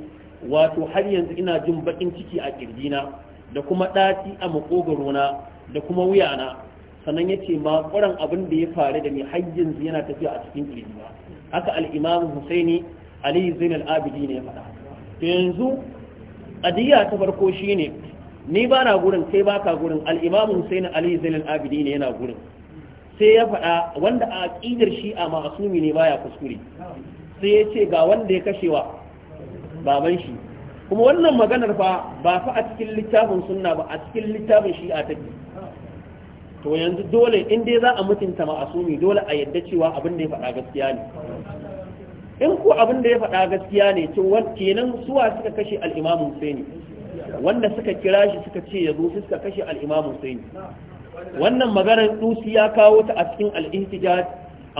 wato har yanzu ina jin bakin ciki a kirjina da kuma ɗaci a makogaro na da kuma wuyana sannan yace ma ƙuran abin da ya faru da ni har yanzu yana tafiya a cikin kirjina haka al Husaini Ali Zainal Abidi ne ya faɗa to yanzu qadiya ta farko shine ni ba na gurin kai ba ka gurin al-Imam Husaini Ali Zainal Abidi ne yana gurin sai ya faɗa wanda a ƙidar shi a ma'asumi ne baya kuskure sai ya ce ga wanda ya kashewa baban shi kuma wannan maganar fa ba fa a cikin littafin sunna ba a cikin littafin shi a take to yanzu dole in dai za a mutunta ma'asumi dole a yadda cewa abin da ya faɗa gaskiya ne in ko abin da ya faɗa gaskiya ne to kenan suwa suka kashe al-Imam Husaini wanda suka kira shi suka ce ya zo suka kashe al-Imam Husaini wannan maganar dusi ya kawo ta a cikin al-Ihtijaj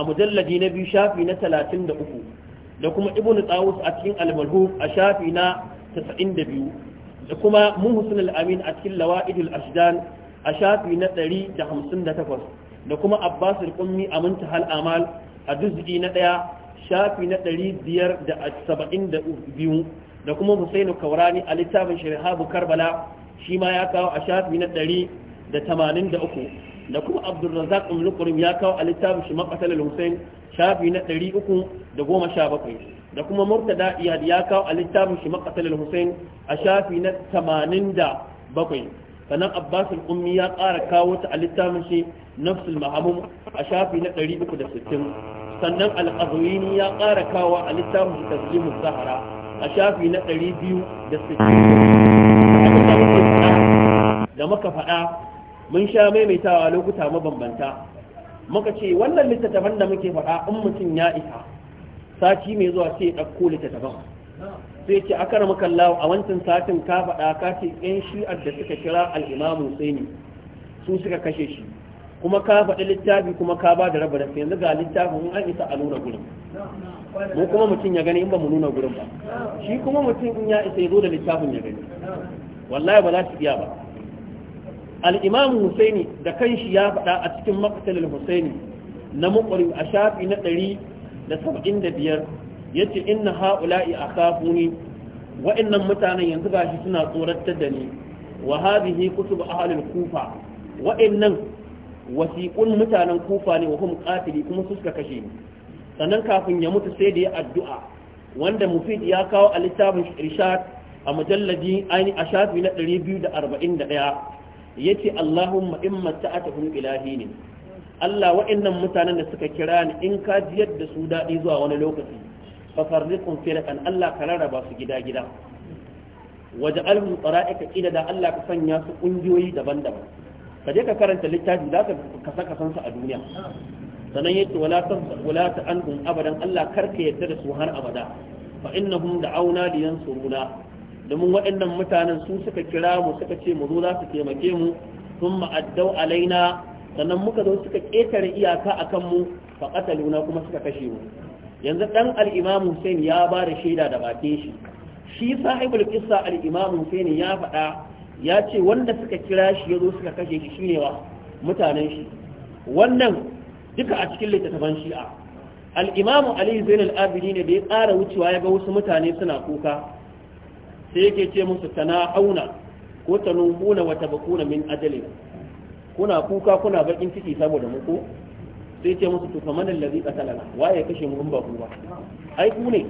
a mujalladi na biyu shafi na 33 da kuma ibnu tawus a cikin al-malhuf a shafi na 92 da kuma muhsin al-amin a cikin lawaidul ashdan a shafi na 158 da kuma abbas al-qummi a muntahal amal a juz'i na 1 shafi na 572 da kuma husainu kaurani a littafin sharihabu karbala shi ma ya kawo a shafi na 183 da kuma abdulrazak umlukurim ya kawo a littafin shi makasalar hussein shafi na 317 da kuma murtada iyad ya kawo a littafin shi makasalar hussein a shafi na 87 sannan abbas al ummi ya ƙara kawo ta a littafin shi nafsul mahamum a shafi na 360 sannan al-qazwini ya ƙara kawo a littafin shi taslimus sahara a shafi na 260 da muka faɗa mun sha maimaitawa lokuta mabambanta muka ce wannan littattafan da muke faɗa in mutum ya isa sati mai zuwa sai ya ɗauko littattafan sai ce aka rama kalla a wancan satin ka faɗa ka ce ƴan shi'ar da suka kira al'imamu ne su suka kashe shi kuma ka faɗi littafi kuma ka ba da raba da yanzu ga littafin an isa a nuna gurin mu kuma mutum ya gani in ba mu nuna gurin ba shi kuma mutum in ya isa ya zo da littafin ya gani wallahi ba za su iya ba al-imam husaini da kanshi ya faɗa a cikin maqtal al-husaini na muqri a shafi na 175 yace inna haula'i akhafuni wa'annan mutanen yanzu gashi suna tsoratar da ni wa hadhihi kutub ahli al-kufa wa'annan wasiƙun mutanen kufa ne wa hum kuma su suka kashe ni sannan kafin ya mutu sai da ya addu'a wanda mufid ya kawo a littafin irshad a mujalladi aini a shafi na 241 yace Allahumma in mata'atuhum ilahi ne Allah wa'innan mutanen da suka kira ni in ka jiyar da su daɗi zuwa wani lokaci fa farriqun firqan Allah ka rarraba su gida gida waj'alhum qara'ika ila da Allah ka sanya su kungiyoyi daban-daban ka je ka karanta littafi za ka saka san su a duniya sanan yace wala ta wala ta anhum abadan Allah karka yadda da su har abada fa innahum da'auna liyansuruna domin waɗannan mutanen su suka kira mu suka ce mu zo za su taimake mu sun ma'addau alaina sannan muka zo suka ƙetare iyaka a kanmu fa ƙataluna kuma suka kashe mu yanzu ɗan al'imam Hussein ya ba da shaida da bakin shi shi sahibul kissa al'imam Hussein ya faɗa ya ce wanda suka kira shi ya zo suka kashe shi shine wa mutanen shi wannan duka a cikin littattafan shi'a al'imamu aliyu zainal abidi ne da ya ƙara wucewa ya ga wasu mutane suna kuka sai yake ce musu tana auna ko ta nuna wata bakuna min ajalin kuna kuka kuna bakin ciki saboda muku sai ce musu to faman allazi qatalana waye kashe mu in ba ku ba ai ku ne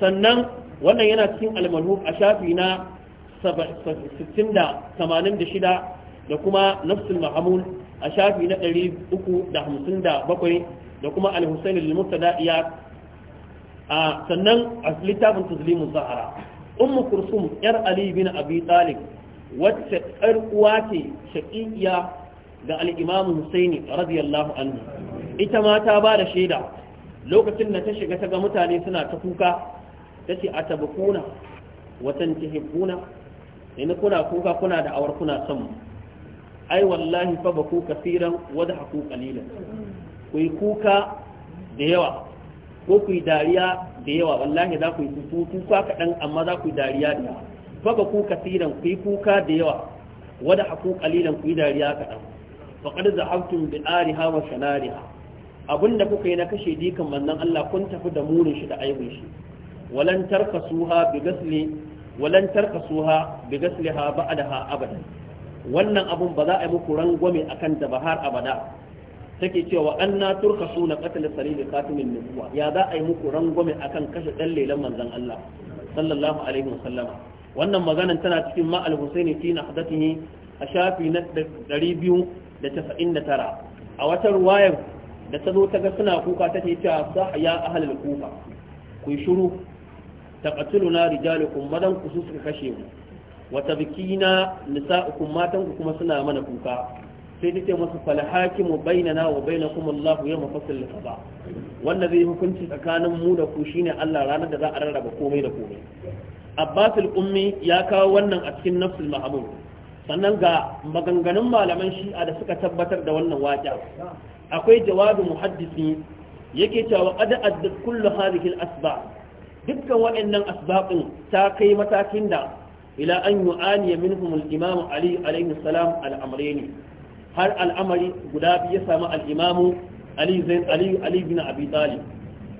sannan wannan yana cikin almanu a shafi na 686 da kuma nafsul mahamul a shafi na 357 da kuma al-husayn al-mustada'iyat a sannan a littafin tuzlimun zahara ummu kursum yar ali bin abi talib wacce ƴar uwa ce shaqiya ga al-imam husaini radiyallahu anhu ita ma ta ba da shaida lokacin da ta shiga ta ga mutane suna ta kuka ta ce a tabakuna watan kuna kuka kuna da awar kuna son mu ai wallahi fa baku kasiran wada haku kalilan ku kuka da yawa ko ku dariya da yawa wallahi za ku yi kuka kaɗan amma za ku yi dariya da yawa ba ku kasiran ku yi kuka da yawa wada haku kalilan ku yi dariya kaɗan faƙar zahabtum bi ariha wa shanariha abinda kuka yi na kashe dikan mannan Allah kun tafi da munin shi da aibin shi walan tarkasuha bi gasli walan tarkasuha bi gasliha ba'daha abadan wannan abun ba za a yi muku rangwame akan ta ba har abada take cewa an na turka suna katalin sarili katimin nufuwa. ya za a yi muku rangwame akan kashe ɗan lelan manzan Allah sallallahu alaihi wasallama wannan maganan tana cikin ma'al husaini fi na hadatihi a shafi na 299 a wata ruwayar da ta zo ta ga suna kuka ta cewa ta sa ya ahalul kufa ku yi shiru taqatuluna rijalukum madan ku su suka kashe mu wa tabkina nisa'ukum matan ku kuma suna mana kuka sai take musu fal hakimu bainana wa bainakum Allah yawma fasl qada wanda zai hukunci tsakanin mu da ku shine Allah ranar da za a rarraba komai da komai Abbas al-Ummi ya kawo wannan a cikin Nafsul Mahmud sannan ga maganganun malaman Shi'a da suka tabbatar da wannan waƙa akwai jawabu muhaddisi yake cewa qad addat kullu hadhihi al-asbab dukkan waɗannan asbabin ta kai matakin da ila an yu'ani minhum al-imam Ali alayhi salam al-amrayni har al'amari guda biyu ya samu al'imamu Ali Zain Ali Ali bin Abi Talib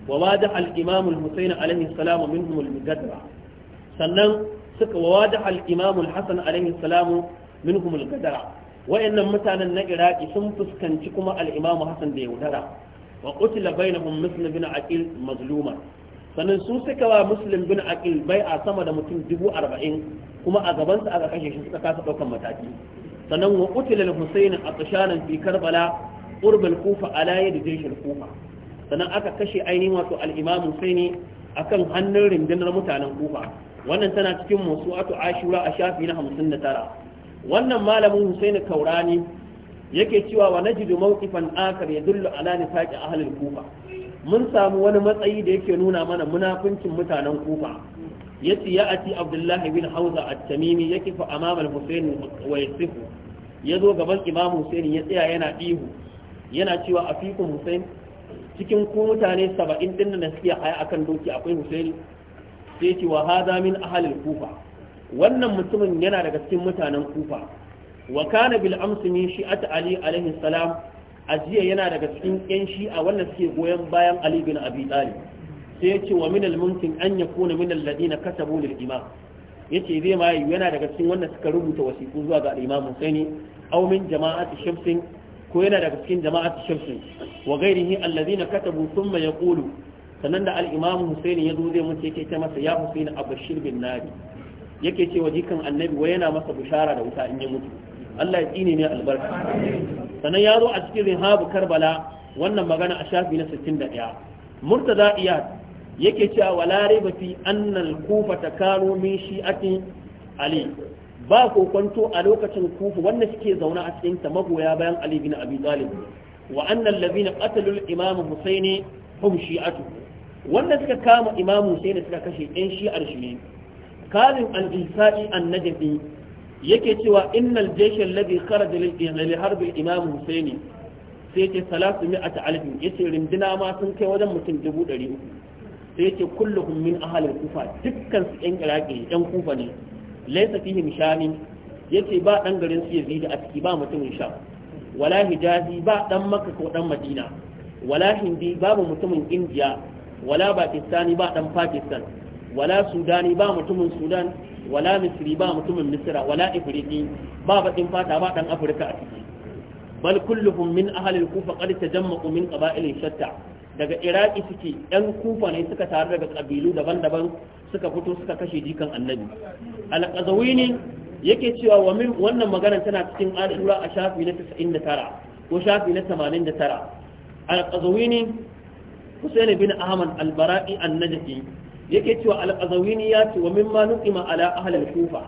wa wada al-Imam al-Husayn alaihi salam minhum al-Gadra sannan suka wa wada al-Imam al-Hasan alaihi salam minhum al-Gadra wayannan mutanen na Iraki sun fuskanci kuma al'imamu imam Hasan da yaudara wa qutila bainahum Muslim bin Aqil mazluma sannan su suka wa Muslim bin Aqil a sama da mutum dubu arba'in kuma a gabansa aka kashe shi suka kasa ɗaukan mataki sannan wa qutila al-husayn atshanan fi karbala qurb kufa a yadi jaysh kufa sannan aka kashe ainihin wato al-imam husaini akan hannun rindinar mutanen kufa wannan tana cikin musu'atu ashura a shafi na hamsin da tara. wannan malamin husaini kaurani yake cewa wa najidu mawqifan akhar yadullu ala nifaqi ahli halin kufa mun samu wani matsayi da yake nuna mana munafincin mutanen kufa yace ya ati abdullah bin hauza at-tamimi yake fa amama al-husayn wa yasifu yazo gaban imam husayn ya tsaya yana ihu yana cewa afikum husayn cikin ku mutane 70 din da suke haya akan doki akwai husayn sai ce wa hadha min ahli kufa wannan mutumin yana daga cikin mutanen kufa wa kana bil amsi min shi'at ali alaihi salam ajiya yana daga cikin yan shi'a wannan suke goyon bayan ali bin abi talib sai yace wa min al-mumkin an na min alladhina katabu lil imam yace zai ma yana daga cikin wanda suka rubuta wasiku zuwa ga al-imam Husaini aw min jama'ati shamsin ko yana daga cikin jama'ati shamsin wa ghairihi alladhina katabu thumma yaqulu sannan da al-imam Husaini yazo zai mutu yake ta masa ya Husaini abashir bin nari yake ce wa jikan annabi wai yana masa bushara da wuta in ya mutu Allah ya tsine ne albarka sannan ya zo a cikin rihabu karbala wannan magana a shafi na 61 murtaza iyad yake cewa wala ba fi annal kufa karo min ake ali ba kokwanto a lokacin kufa wanda suke zauna a cikin ta magoya bayan ali bin abi talib wa annal ladina qatalu al-imam husaini hum shi'atu wanda suka kama imam husaini suka kashe ɗan shi'ar shi ne kalin al-insani an-najdi yake cewa innal jaysh alladhi kharaja lil harb al-imam husaini sai ce salatu mi'ata alfin yace rindina ma sun kai wajen mutum dubu ɗari uku sai ce kulluhum min ahalin kufa dukkan su yan iraki yan kufa ne laysa fihim shamin yace ba dan garin su yazid a ciki ba mutumin sha wala hijazi ba dan makka ko dan madina wala hindi babu mutumin indiya wala pakistani ba dan pakistan wala sudani ba mutumin sudan wala misri ba mutumin misra wala ifriti ba bakin fata ba dan afirka a ciki bal kulluhum min ahalil kufa qad tajamma'u min ƙaba'ilin shatta daga iraki suke yan kufa ne suka tare daga kabilu daban-daban suka fito suka kashe jikan annabi alƙazawini yake cewa wa min wannan magana tana cikin al'ura a shafi na 99 ko shafi na 89 alƙazawini Husaini bin Ahmad al-Bara'i an-Najdi yake cewa al-Qazawini ya ce wa min mimma nuqima ala ahli al-Kufa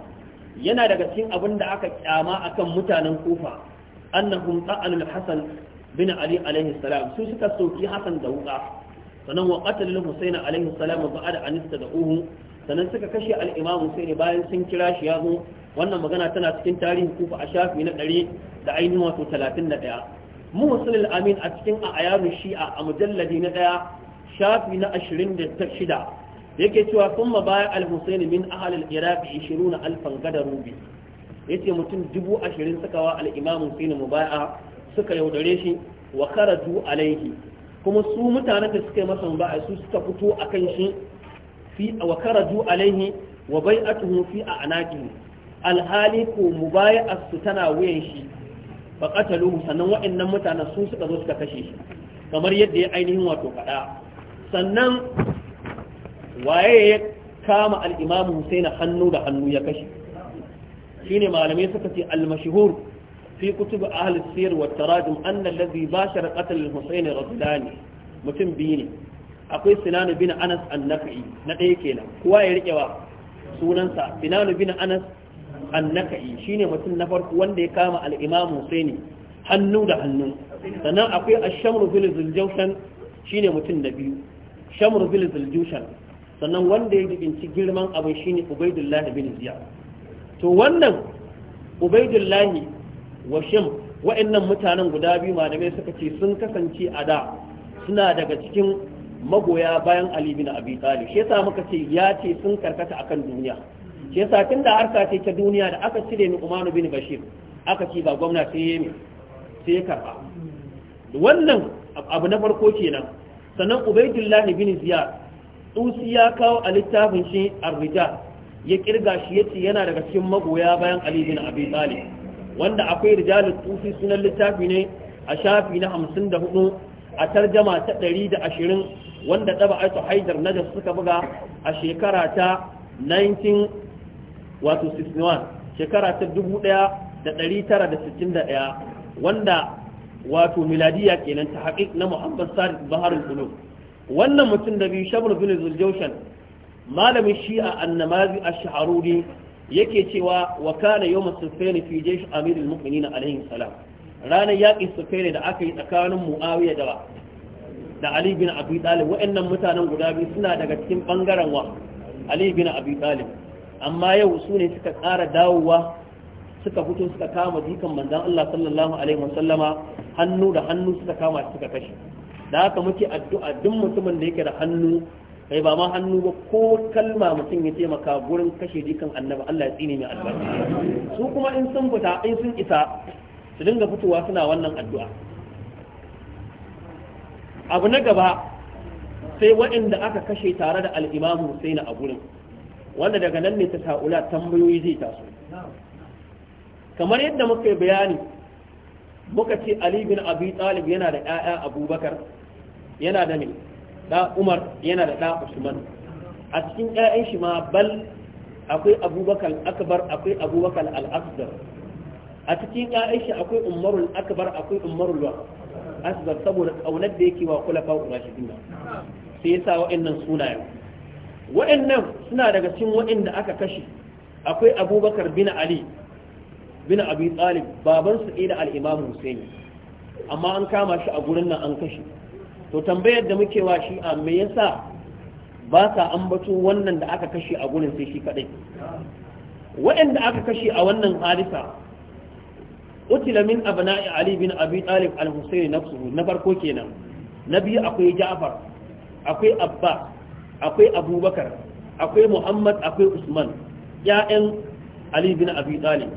yana daga cikin abin da aka kyama akan mutanen Kufa annahum ta'al al-Hasan bin ali alaihi salam su suka sauki hasan da wuka sannan wa qatal husayn alaihi salam ba'da an uhu sannan suka kashe al-imam husayn bayan sun kira shi ya zo wannan magana tana cikin tarihin kufa a shafi na 100 da ainihin wato 31 musulul amin a cikin ayanu shi'a a mujalladi na 1 shafi na 26 yake cewa kuma baya al-husayn min ahli al-iraq 20000 gadarubi yace mutum 20 suka wa al-imam husayn mubaya'a suka yaudare shi wa karatu alaihi kuma su mutanen da suka yi masa ba'a su suka fito kan shi wa karatu alaihi wa bai'atuhu fi anaƙi alhali ko mubayi'ar su tana wuyan shi fa qataluhu sannan waɗannan mutanen su suka zo suka kashe shi kamar yadda ya ainihin wato faɗa sannan waye ya kama al-imamu Husaina hannu da hannu ya kashe shine malamai suka ce al-mashhur fi kutub ahli sir wa tarajum anna alladhi bashara qatl al-husayn radulani mutum biyu ne akwai sinanu bin anas an-nafi na ɗaya kenan kowa ya rike wa sunansa sinanu bin anas an-nafi shine mutum na farko wanda ya kama al-imam husaini hannu da hannu sannan akwai ash-shamru bil zuljawshan shine mutum na biyu shamru bil zuljawshan sannan wanda ya jibinci girman abin shine ubaidullah bin ziyad to wannan ubaidullahi wa shim wa'annan mutanen guda biyu malamai suka ce sun kasance a da suna daga cikin magoya bayan Ali bin Abi Talib shi yasa muka ce ya ce sun karkata akan duniya shi yasa tunda harka ce ta duniya da aka cire ni Umar bin Bashir aka ce ba gwamna sai ya sai ya karba wannan abu na farko kenan sannan Ubaidullah bin Ziyad Tusi ya kawo a littafin shi Ar-Rijal ya kirga shi yace yana daga cikin magoya bayan Ali bin Abi Talib wanda akwai rijalul tufi sunan littafi ne a shafi na 54 a tarjama ta 120 wanda daba aitu haidar najas suka buga a shekara ta 19 shekara ta 1961 wanda wato miladiya kenan ta haƙiƙ na Muhammad Sadiq Baharul Qulub wannan mutum da biyu Shabr bin Zuljawshan malamin Shi'a annamazi ash-Shaharuri yake cewa wa kana yawm as-sufayn fi jaysh muminin alayhi salam ranar yaƙin sufayn da aka yi tsakanin muawiya da da ali bin abi talib wa'annan mutanen guda biyu suna daga cikin bangaren wa ali bin abi talib amma yau su ne suka ƙara dawowa suka fito suka kama jikan manzon Allah sallallahu alaihi wasallama hannu da hannu suka kama suka kashe da haka muke addu'a duk mutumin da yake da hannu kai ba ma hannu ba ko kalma mutum ya taimaka gurin kashe dukan annabi Allah ya tsine mai albarka su kuma in sun fita in sun isa su dinga fitowa suna wannan addu'a abu na gaba sai waɗanda aka kashe tare da al'imamu Hussein a gurin wanda daga nan ne ta ta'ula tambayoyi zai taso kamar yadda muka yi bayani muka ce Ali bin Abi Talib yana da ‘ya'ya Abubakar yana da ne da umar yana da da usman a cikin ƴaƴan shi ma bal akwai abubakar akbar akwai abubakar al-asghar a cikin ƴaƴan shi akwai umarul akbar akwai umarul asghar saboda kaunar da yake wa kulafa urashidin sai yasa wa'annan sunayen wa'annan suna daga cikin wa'anda aka kashe akwai abubakar bin ali bin abi talib baban su da al-imam husaini amma an kama shi a gurin nan an kashe to tambayar da muke wa shi a me yasa ba sa ambato wannan da aka kashe a gurin sai shi kadai waɗanda aka kashe a wannan harisa utila min abna'i ali bin abi talib al-husayn nafsuhu na farko kenan na biyu akwai ja'far akwai abba akwai abubakar akwai muhammad akwai usman ya'yan ali bin abi talib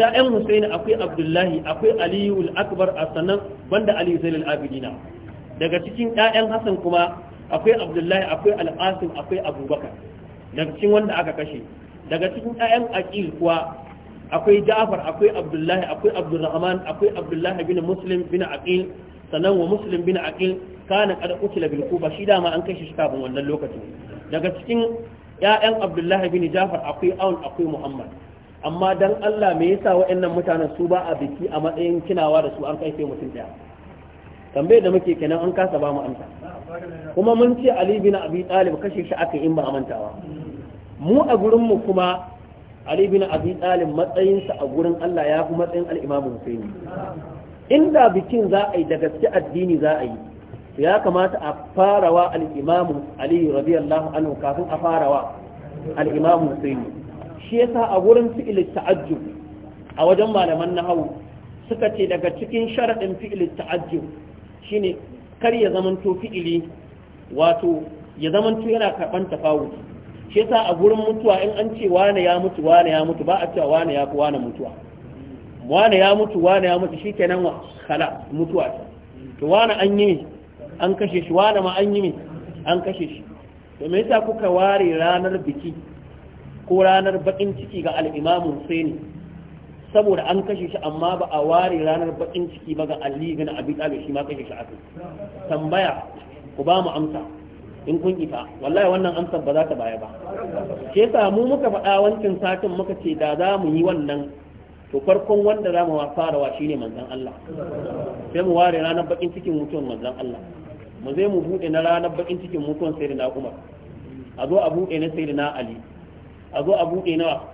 ya'yan husayn akwai abdullahi akwai aliyu akbar a sannan banda ali zainul abidina daga cikin ƴaƴan Hassan kuma akwai Abdullahi akwai Al-Qasim akwai Abubakar daga cikin wanda aka kashe daga cikin ƴaƴan Aqil kuwa akwai Ja'far akwai Abdullahi akwai Abdurrahman akwai Abdullahi bin Muslim bin Aqil sannan wa Muslim bin Aqil kana kada kutila bil Kufa shi dama an kashe shi kafin wannan lokacin daga cikin ƴaƴan Abdullahi bin Ja'far akwai Aun akwai Muhammad amma dan Allah me yasa waɗannan mutanen su ba a biki a matsayin kinawa da su an kai sai mutum daya tambayar da muke kenan an kasa ba mu amsa kuma mun ce Ali bin Abi Talib kashe shi aka in ba amantawa mu a gurin mu kuma Ali bin Abi Talib matsayin sa a gurin Allah ya fi matsayin al-Imam Husaini inda bikin za a yi da gaske addini za a yi ya kamata a farawa al-Imam Ali radiyallahu anhu kafin a farawa al-Imam Husaini shi yasa a gurin fi'il ta'ajjub a wajen malaman nahawu suka ce daga cikin sharadin fi'il ta'ajjub shine kar ya to fi'ili wato ya to yana karban tafawuti shi yasa a gurin mutuwa in an ce wane ya mutu wane ya mutu ba a cewa wane ya fi wane mutuwa wane ya mutu wane ya mutu shikenan wa khala mutuwa ta to wane an yi an kashe shi wane ma an yi an kashe shi to me yasa kuka ware ranar biki ko ranar bakin ciki ga al-Imam Husaini saboda an kashe shi amma ba a ware ranar bakin ciki ba ga Ali bin Abi Talib shi ma kashe shi aka tambaya ku ba mu amsa in kun ita wallahi wannan amsar ba za ta baya ba ke mu muka faɗa wancan satin muka ce da za mu yi wannan to farkon wanda za mu farawa shine manzon Allah sai mu ware ranar bakin cikin mutuwar manzon Allah mu zai mu bude na ranar bakin cikin mutuwar sayyidina Umar a zo a bude na sayyidina Ali a zo a bude na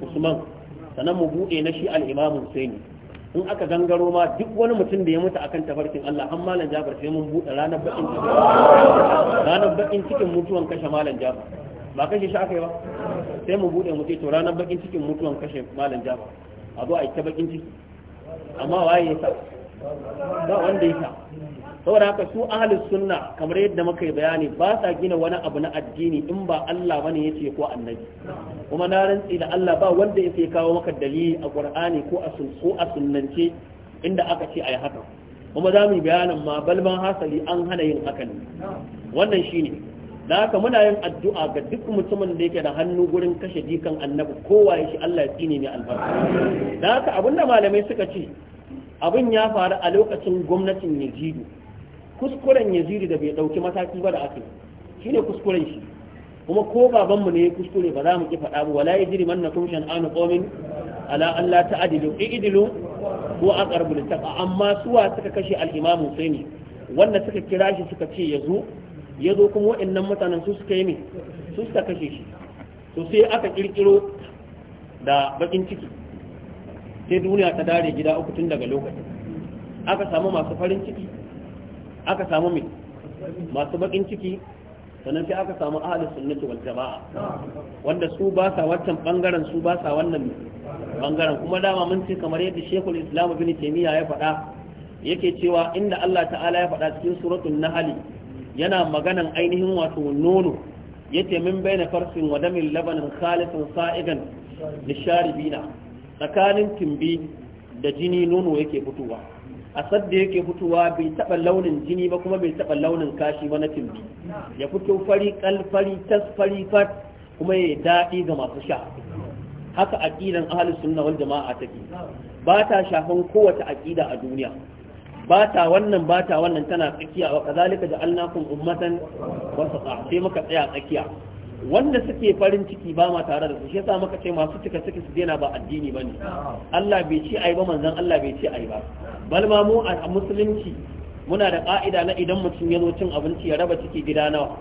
Usman sannan mu buɗe na shi al-imam in aka gangaro ma duk wani mutum da ya mutu akan tafarkin Allah an malam Jafar sai mun buɗe ranar bakin cikin ranar bakin cikin mutuwan kashe malam Jafar ba kashe shi aka yi ba sai mu buɗe mutu to ranar bakin cikin mutuwan kashe malam Jafar a zo a yi ta bakin ciki amma waye ya sa ba wanda ya sa saboda haka su ahlus sunna kamar yadda muka yi bayani ba sa gina wani abu na addini in ba Allah bane yace ko annabi kuma na rantsi da Allah ba wanda yake kawo maka dalili a Qur'ani ko a ko a sunnance inda aka ce ayi haka kuma za mu yi bayanin ma balban hasali an hana yin hakan wannan shine da haka muna yin addu'a ga duk mutumin da yake da hannu gurin kashe jikan annabi kowa ya shi Allah ya tsine mai albarka da haka abinda malamai suka ce abin ya faru a lokacin gwamnatin Yazidu kuskuren yaziri da bai ɗauki mataki ba da aka shi ne kuskuren shi kuma ko babanmu ne ya kuskure ba za mu ki faɗa ba wala yajri man nakum shan'anu qawmin ala alla ta'dilu i'dilu huwa aqrabu littaqwa amma suwa suka kashe al-imam ne wanda suka kira shi suka ce yazo yazo kuma waɗannan mutanen su suka yi ne su suka kashe shi to sai aka kirkiro da bakin ciki sai duniya ta dare gida uku tun daga lokacin aka samu masu farin ciki aka samu mai masu bakin ciki sannan sai aka samu ahalin sunnati wal jama'a wanda su ba sa wancan bangaren su ba sa wannan bangaren kuma dama mun ce kamar yadda shekul Islam Ibn taymiya ya faɗa yake cewa inda Allah ta'ala ya faɗa cikin suratul Nahl yana maganan ainihin wato nono yace min baina farsin wa damin labanin khalisun sa'igan lisharibina tsakanin timbi da jini nono yake fitowa asad da yake fitowa bai taɓa launin jini ba kuma bai taɓa launin kashi ba na tilbi ya fito fari kalfari fari, fat kuma ya daɗi ga masu sha haka aƙidan ahli sunna wal jama'a take ba ta shafan kowace aƙida a duniya ba ta wannan ba ta wannan tana tsakiya wa kazalika ja'alnakum ummatan wasata sai muka tsaya tsakiya wanda suke farin ciki ba ma tare da su shi yasa muka ce masu cika ciki su daina ba addini bane Allah bai ce ai ba manzon Allah bai ce ai ba bal ma mu a musulunci muna da ka'ida na idan mutum ya zo cin abinci ya raba ciki gida nawa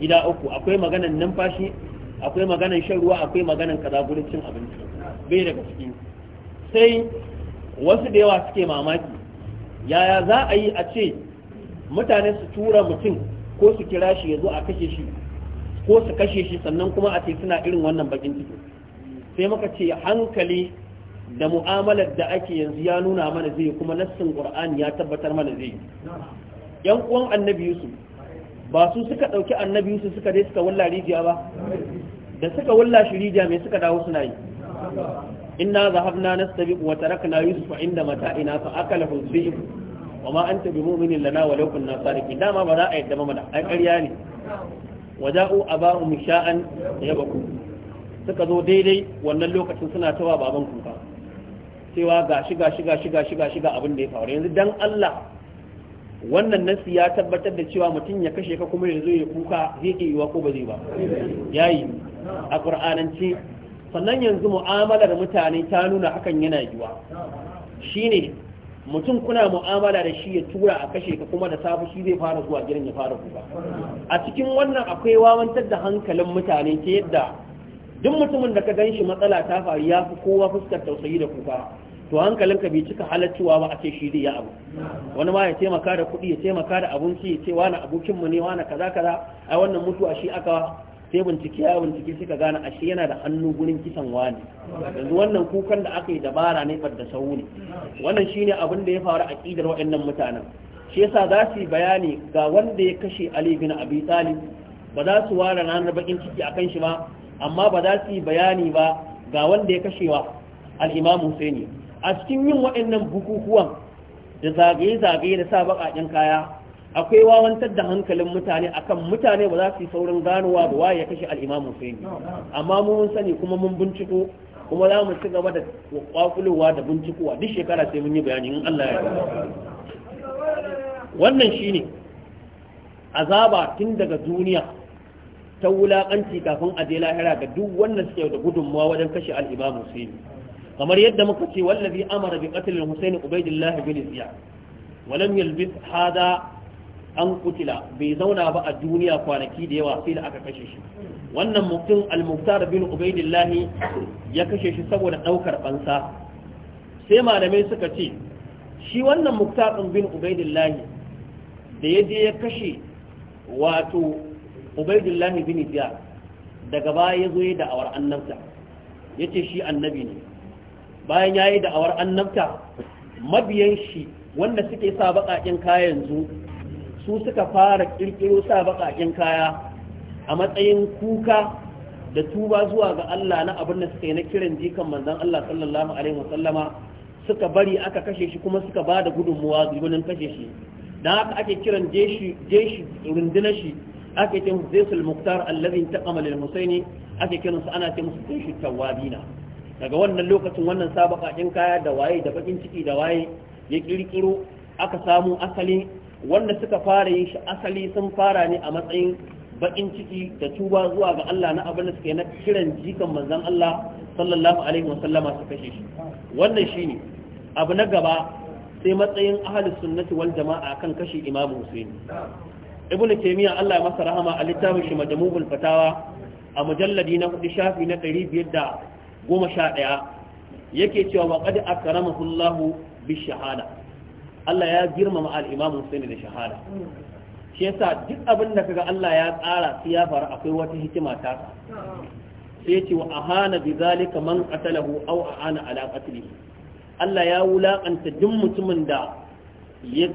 gida uku akwai maganan numfashi akwai maganan shan ruwa akwai maganan kaza gurin cin abinci bai daga ciki sai wasu da yawa suke mamaki yaya za a yi a ce mutane su tura mutum ko su kira shi ya zo a kashe shi ko su kashe shi sannan kuma a ce suna irin wannan bakin ciki sai muka ce hankali da mu'amalar da ake yanzu ya nuna mana zai kuma nassin qur'ani ya tabbatar mana zai yan uwan annabi yusuf ba su suka dauki annabi yusuf suka dai suka walla rijiya ba da suka walla shi rijiya mai suka dawo suna yi inna zahabna nastabiq wa tarakna yusuf inda mata'ina fa akalahu dhi'b wa ma anta bimu'minin lana wa law kunna sadiqin dama ba za a yadda ba mana ai ƙarya ne waja'u abahum sha'an yabaku suka zo daidai wannan lokacin suna tawa baban kuka cewa ga shiga shiga shiga shiga shiga abin da ya faru yanzu dan Allah wannan nasi ya tabbatar da cewa mutum ya kashe ka kuma ya zo ya kuka zai iya yiwa ko ba zai ba yayi a qur'anance sannan yanzu mu'amalar mutane ta nuna hakan yana yiwa shine mutum kuna mu'amala da shi ya tura a kashe ka kuma da safe shi zai fara zuwa gidan ya fara kuka a cikin wannan akwai wawantar da hankalin mutane ta yadda duk mutumin da ka gan shi matsala ta faru ya fi kowa fuskar tausayi da kuka to hankalinka bai cika halarcewa ba a ce shi zai ya abu wani ma ya taimaka da kuɗi ya taimaka da abinci ya ce wani abokinmu ne wani kaza kaza a wannan mutuwa shi aka sai bincike ya bincike suka gane ashe yana da hannu gurin kisan wani yanzu wannan kukan da aka yi dabara ne bar da sahu ne wannan shine abin da ya faru a kidar waɗannan mutanen shi yasa za su yi bayani ga wanda ya kashe Ali bin Abi Talib ba za su ware ranar bakin ciki akan shi ba amma ba za su yi bayani ba ga wanda ya kashe wa al-Imam Husaini a cikin yin waɗannan bukukuwan da zagaye-zagaye da sa baƙaƙen kaya akwai wawantar da hankalin mutane akan mutane ba za su yi saurin ganowa ba waye ya kashe al Hussein amma mu mun sani kuma mun binciko kuma za mu ci gaba da kwakulowa da bincikowa duk shekara sai mun yi bayani in Allah ya yarda wannan shine azaba tun daga duniya ta wulakanci kafin a je lahira ga duk wannan suke da gudunmawa wajen kashe al Hussein kamar yadda muka ce wallazi amara bi qatl al-Husayn Ubaydillah bin Ziyad ولم يلبث an kutila bai zauna ba a duniya kwanaki da yawa sai da aka kashe shi wannan mutum al muqtar bin ubaidillah ya kashe shi saboda daukar bansa sai malamai suka ce shi wannan muqtar bin ubaidillah da ya ya kashe wato ubaidillah bin ziyad daga baya ya zo ya da'awar annabta ya shi annabi ne bayan yayi yi da'awar annabta mabiyan shi wanda suke sa baƙaƙen kayan yanzu su suka fara kirkiro sa baƙaƙen kaya a matsayin kuka da tuba zuwa ga Allah na abin da suka yi na kiran jikan manzon Allah sallallahu alaihi wasallama suka bari aka kashe shi kuma suka ba da gudunmuwa zubunin kashe shi don haka ake kiran jeshi rundunar shi ake ce musu zaisul muktar allazi taqama lil husaini ake kiran su ana ce musu jeshi tawabina daga wannan lokacin wannan sa din kaya da waye da bakin ciki da waye ya ƙirƙiro aka samu asalin. wanda suka fara yin shi asali sun fara ne a matsayin bakin ciki da tuba zuwa ga Allah na abin da suke na kiran jikan manzon Allah sallallahu alaihi su kashe shi wannan shine abu na gaba sai matsayin ahlus sunnati wal jama'a kan kashe imamu husaini ibnu taymiya Allah ya masa rahama a littafin shi majmu'ul fatawa a mujalladi na hudu shafi na 511 yake cewa wa qad akramahu Allah bi shahada Allah ya girmama al-Imam da shahada shi yasa duk abin da kaga Allah ya tsara su ya faru akwai wata hikima ta sa sai ya ce wa ahana bi zalika man qatalahu aw ahana ala qatlihi Allah ya wulakanta duk mutumin da ya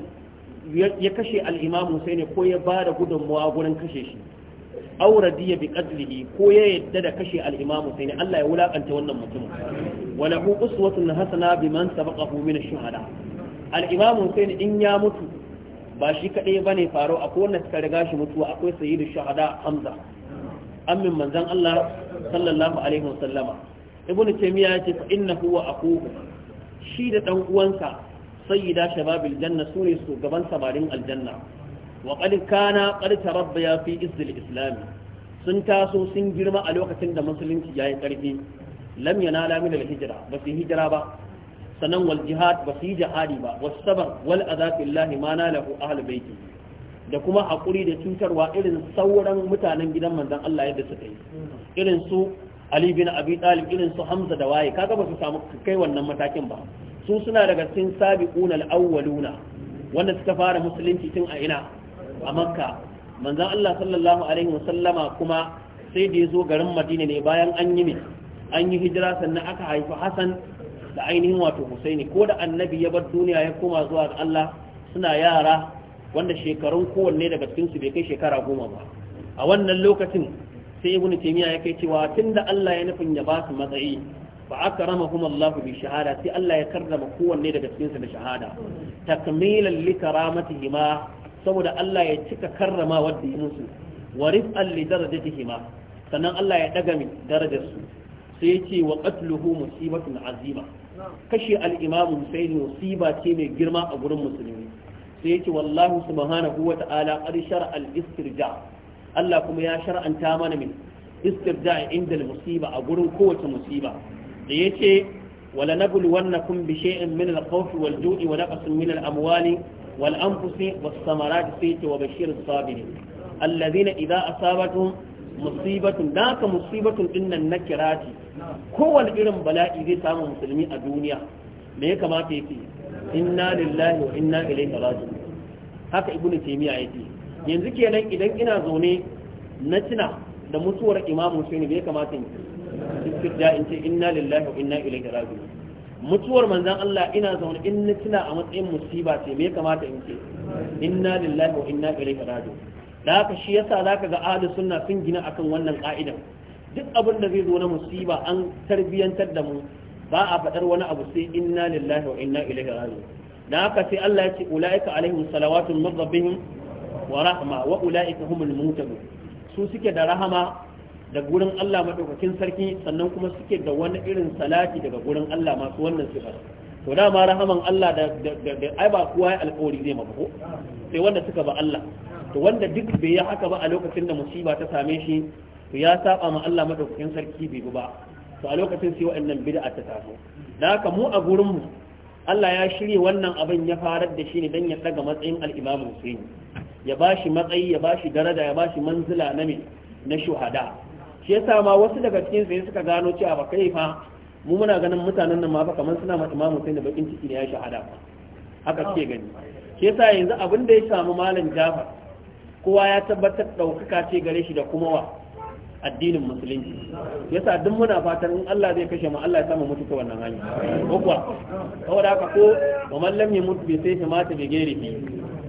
ya kashe al'imam Hussein ko ya ba da gudunmawa gurin kashe shi auradiya bi qatlihi ko ya yadda da kashe al'imam Hussein Allah ya wulakanta wannan mutum wala na uswatun hasana biman sabaqahu min ash-shuhada al sai in ya mutu ba shi kadai ne faro a wanda suka riga shi mutuwa akwai sayyidu shahada Hamza amin manzon Allah sallallahu alaihi wasallama ibn taymiya ce fa wa aquhu shi da dan uwansa sayyida shababil janna sune su gaban samarin aljanna wa qad kana qad tarabbaya fi izzil islam sun taso sun girma a lokacin da musulunci yayi karfi lam yanala min al-hijra ba su hijira ba sannan wal jihad ba su yi jihadi ba wasu sabar wal azabillahi ma nalahu ahlul baiti da kuma hakuri da cutarwa irin sauran mutanen gidan manzan Allah yadda suka yi irin su Ali bin Abi Talib irin su Hamza da waye kaga ba su samu kai wannan matakin ba su suna daga cikin sabiquna al-awwaluna wanda suka fara musulunci tun a ina a Makka manzon Allah sallallahu alaihi wasallama kuma sai da ya zo garin Madina ne bayan an yi ne an yi hijira sannan aka haifi Hassan da ainihin wato husaini ko da annabi ya bar duniya ya koma zuwa ga Allah suna yara wanda shekarun kowanne daga cikinsu bai kai shekara goma ba a wannan lokacin sai ibnu taymiya ya kai cewa tunda Allah ya nufin ya ba su matsayi fa akramahum Allah bi shahada sai Allah ya karrama kowanne daga cikinsu da shahada takmilan li karamatihima saboda Allah ya cika karrama wadda yi musu wa rif'an li darajatihima sannan Allah ya daga mi darajarsu sai ya ce wa qatluhu musibatun azima kashe al sai Husaini musiba ce mai girma a gurin musulmi sai yake wallahu subhanahu wa ta'ala qad shar'a al-istirja Allah kuma ya shar'anta mana min istirja inda al-musiba a gurin kowace musiba da yace wala nabluwannakum bi shay'in min al-khawf wal-ju'i wa naqsin min al-amwali wal-anfusi was-samarati sayti wa bashir as-sabirin alladhina idha asabatuhum musibatun da haka musibatun din nan na kirati kowane irin bala'i zai samu musulmi a duniya me ya kamata yake inna lillahi wa inna ilaihi raji'un haka ibnu taymiya yake yanzu kenan idan ina zaune na tuna da mutuwar imamu shi ne me ya kamata in da in ce inna lillahi wa inna ilaihi raji'un mutuwar manzon Allah ina zaune in na tuna a matsayin musiba ce me ya kamata in ce inna lillahi wa inna ilaihi raji'un da haka shi yasa zaka ga ahlus sunna sun gina akan wannan ka'idan duk abin da zai zo na musiba an tarbiyyantar da mu ba a faɗar wani abu sai inna lillahi wa inna ilaihi raji'un da haka sai Allah ya ce ulaika alaihim salawatun min rabbihim wa rahma wa ulaika humul muhtadun su suke da rahama da gurin Allah madaukakin sarki sannan kuma suke da wani irin salati daga gurin Allah masu wannan sifar to dama rahaman Allah da ai ba kowa ya alƙawari zai mako sai wanda suka ba Allah to wanda duk bai yi haka ba a lokacin da musiba ta same shi to ya saba ma Allah madaukakin sarki bai ba to a lokacin sai wa'annan bid'a ta taso da haka mu a gurin mu Allah ya shirye wannan abin ya farar da shi ne dan ya daga matsayin al-Imam Hussein ya bashi matsayi ya bashi daraja ya bashi manzila na me na shuhada shi yasa ma wasu daga cikin sai suka gano cewa ba kai fa mu muna ganin mutanen nan ma ba kamar suna ma Imam Hussein da bakin ciki ne ya shahada haka suke gani shi yasa yanzu abin da ya samu malam Jafar kowa ya tabbatar ɗaukaka ce gare shi da kuma wa addinin musulunci yasa duk muna fatan in Allah zai kashe mu Allah ya samu mutu ta wannan hanya ko kuwa saboda haka ko wa man lam yamut bi sayfi mata bi ghairihi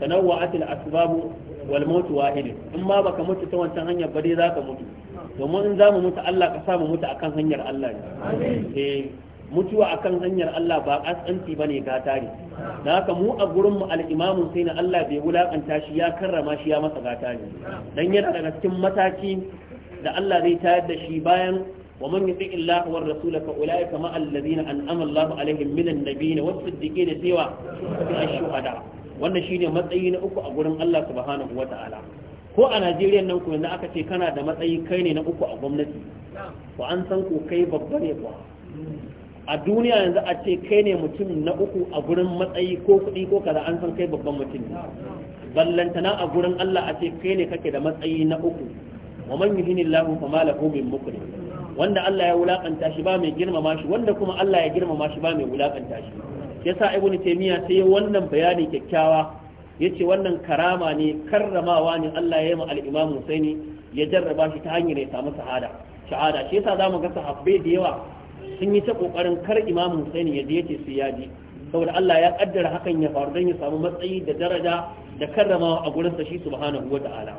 tanawwa'at al asbabu wal maut wahid in ma baka mutu ta wancan hanyar ba dai zaka mutu domin in zamu mutu Allah ka samu mutu akan hanyar Allah ne eh mutuwa akan hanyar Allah ba kaskanci bane gata ne da haka mu a gurin mu al'imamin sai na Allah bai wulakanta shi ya karrama shi ya masa gata dan yana daga cikin mataki da Allah zai tayar da shi bayan ومن يطع الله والرسول فاولئك مع الذين انعم الله عليهم من النبيين والصديقين سوى الشهداء wannan shine matsayi na uku a gurin Allah subhanahu wataala ko a Najeriya nan ku yanzu aka ce kana da matsayi kai ne na uku a gwamnati to an san ko kai babba ne a duniya yanzu a ce kai ne mutum na uku a gurin matsayi ko kuɗi ko kaza an san kai babban mutum ne ballantana a gurin Allah a ce kai ne kake da matsayi na uku wa man yuhinillahu fama lahu min mukrim wanda Allah ya wulakanta shi ba mai girmama shi wanda kuma Allah ya girmama shi ba mai wulakanta shi yasa ibnu taymiya sai wannan bayani kyakkyawa yace wannan karama ne karramawa ne Allah ya yi ma al-imam Husaini ya jarraba shi ta hanyar ya samu sahada shahada shi yasa zamu ga sahabbai da yawa sun yi ta ƙoƙarin kar imamu sani ya je yace ya yaji saboda Allah ya ƙaddara hakan ya faru don ya samu matsayi da daraja da karramawa a gurin sa shi subhanahu wata'ala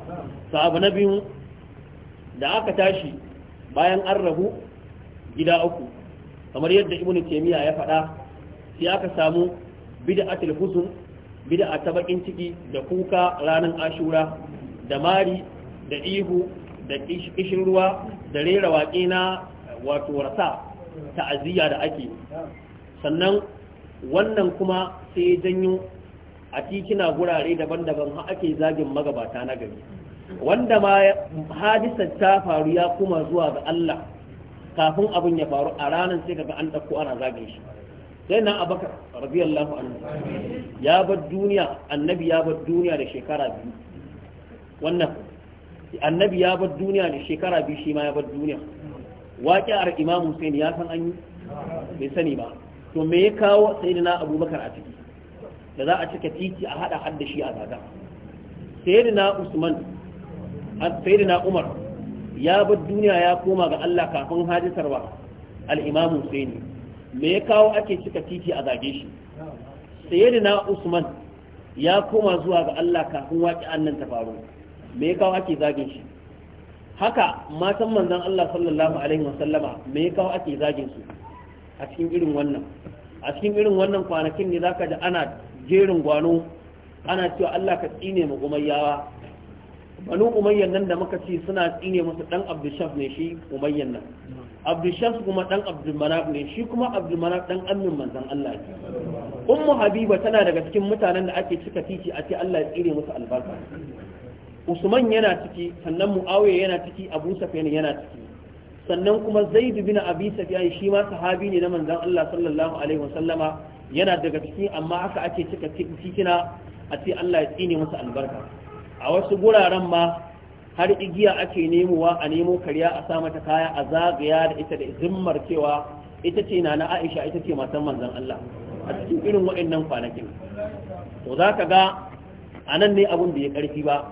sahabu na biyu da aka tashi bayan an rahu gida uku kamar yadda ibnu taymiya ya faɗa sai aka samu bid'atul huzn bid'a ta bakin ciki da kuka ranar ashura da mari da ihu da kishin ruwa da rera waƙe na wato rasa ta'aziyya da ake sannan wannan kuma sai janyo a titina gurare daban-daban har ake zagin magabata na gari wanda ma hadisar ta faru ya kuma zuwa ga Allah kafin abin ya faru a ranar sai kaga an ɗauko ana zagin shi sai na abakar radiyallahu anhu ya bar duniya annabi ya bar duniya da shekara biyu wannan annabi ya bar duniya da shekara biyu shi ma ya bar duniya waƙi'ar imam Hussein ya san an yi bai sani ba to me ya kawo sayyidina Abubakar a ciki da za a cika titi a hada da shi a zaga sayyidina Usman sayyidina Umar ya bar duniya ya koma ga Allah kafin hajisar ba al-imam Hussein me ya kawo ake cika titi a zage shi sayyidina Usman ya koma zuwa ga Allah kafin waƙi'an annan ta faru me ya kawo ake zage shi haka matan manzon Allah sallallahu alaihi wasallama me ya kawo ake zagin su a cikin irin wannan a cikin irin wannan kwanakin ne zaka ji ana jerin gwano ana cewa Allah ka tsine mu umayyawa banu umayyan nan da muka ci suna tsine musu dan abdushaf ne shi umayyan nan abdushaf kuma dan abdulmanaf ne shi kuma abdulmanaf dan amin manzon Allah ummu habiba tana daga cikin mutanen da ake cika titi a ce Allah ya tsine musu albarka usman yana ciki sannan muawiya yana ciki abu sufyan yana ciki sannan kuma zaid bin abi sufyan shi ma sahabi ne na manzon Allah sallallahu alaihi wasallama yana daga ciki amma haka ake cika titina a ce Allah ya tsine masa albarka a wasu guraren ma har igiya ake nemowa a nemo kariya a sa mata kaya a zagaya da ita da zimmar cewa ita ce na na Aisha ita ce matan manzon Allah a cikin irin waɗannan kwanakin to za ka ga anan ne abun da ya karfi ba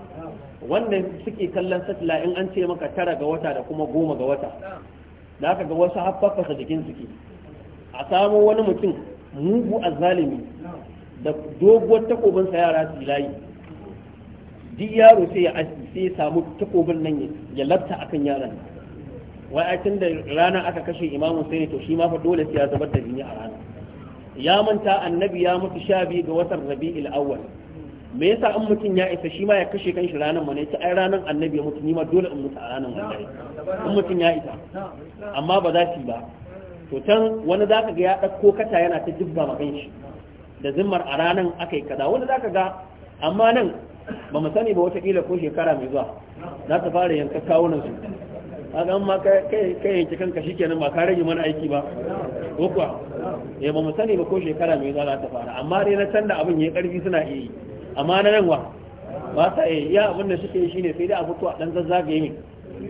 wanda suke kallon satila in an ce maka tara ga wata da kuma goma ga wata da aka ga wasu haffafasa jikin suke a samo wani mutum mugu a zalimi da doguwar takobinsa yara su layi duk yaro sai ya sai ya samu takobin nan ya labta akan yaran wai a tun da rana aka kashe imamun sai ne to shi ma fa dole sai ya zubar da jini a rana ya manta annabi ya mutu sha biyu ga watan rabi'il awwal me yasa an mutum ya isa shi ma ya kashe kanshi ranar mana yace ai ranar annabi ya mutu ni ma dole in mutu a ranar wallahi in mutum ya isa amma ba za su ba to can wani zaka ga ya dauko kata yana ta jibba ma kanshi da zimmar a ranar akai kaza wani zaka ga amma nan ba mu sani ba wata kila ko shekara mai zuwa za ta fara yanka kawunan su kaga ma kai kai yanki kanka shikenan ba ka rage mana aiki ba ko kuwa eh ba mu sani ba ko shekara mai zuwa za ta fara amma dai na can da abin yi karfi suna iya yi amma na nan wa ba ta yi ya abin da suke shi shine sai dai a fito a dan zazzage min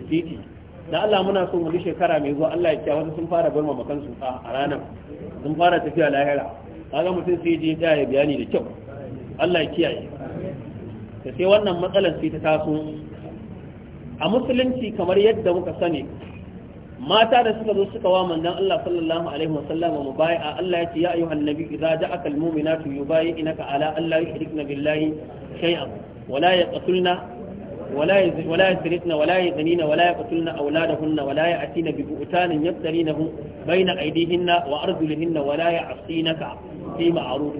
titi da Allah muna son wani shekara mai zuwa Allah ya kiya wasu sun fara barma makan su a ranar sun fara tafiya lahira kaga mutum sai je ya bayani da kyau Allah ya kiyaye da sai wannan matsalar sai ta taso a musulunci kamar yadda muka sani mata da suka zo suka wa manzon Allah sallallahu alaihi wasallam mubai'a Allah ya ce ya ayyuhan nabi idza ja'aka almu'minatu yubayi'unaka ala an yushrikna billahi shay'an wala yaqtulna ولا يسرقن ولا يزنين ولا يقتلن اولادهن ولا ياتين ببؤتان يفترينه بين ايديهن وارجلهن ولا يعصينك في معروف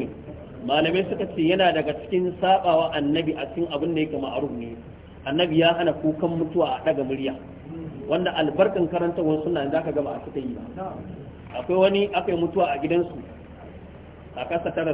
malamai suka ce yana daga cikin sabawa annabi a cikin abin da yake ma'aruf ne annabi ya hana kukan mutuwa a daga murya wanda albarkan karantarwar suna za ka gaba a suka yi akwai wani aka mutuwa a gidansu a kasa tara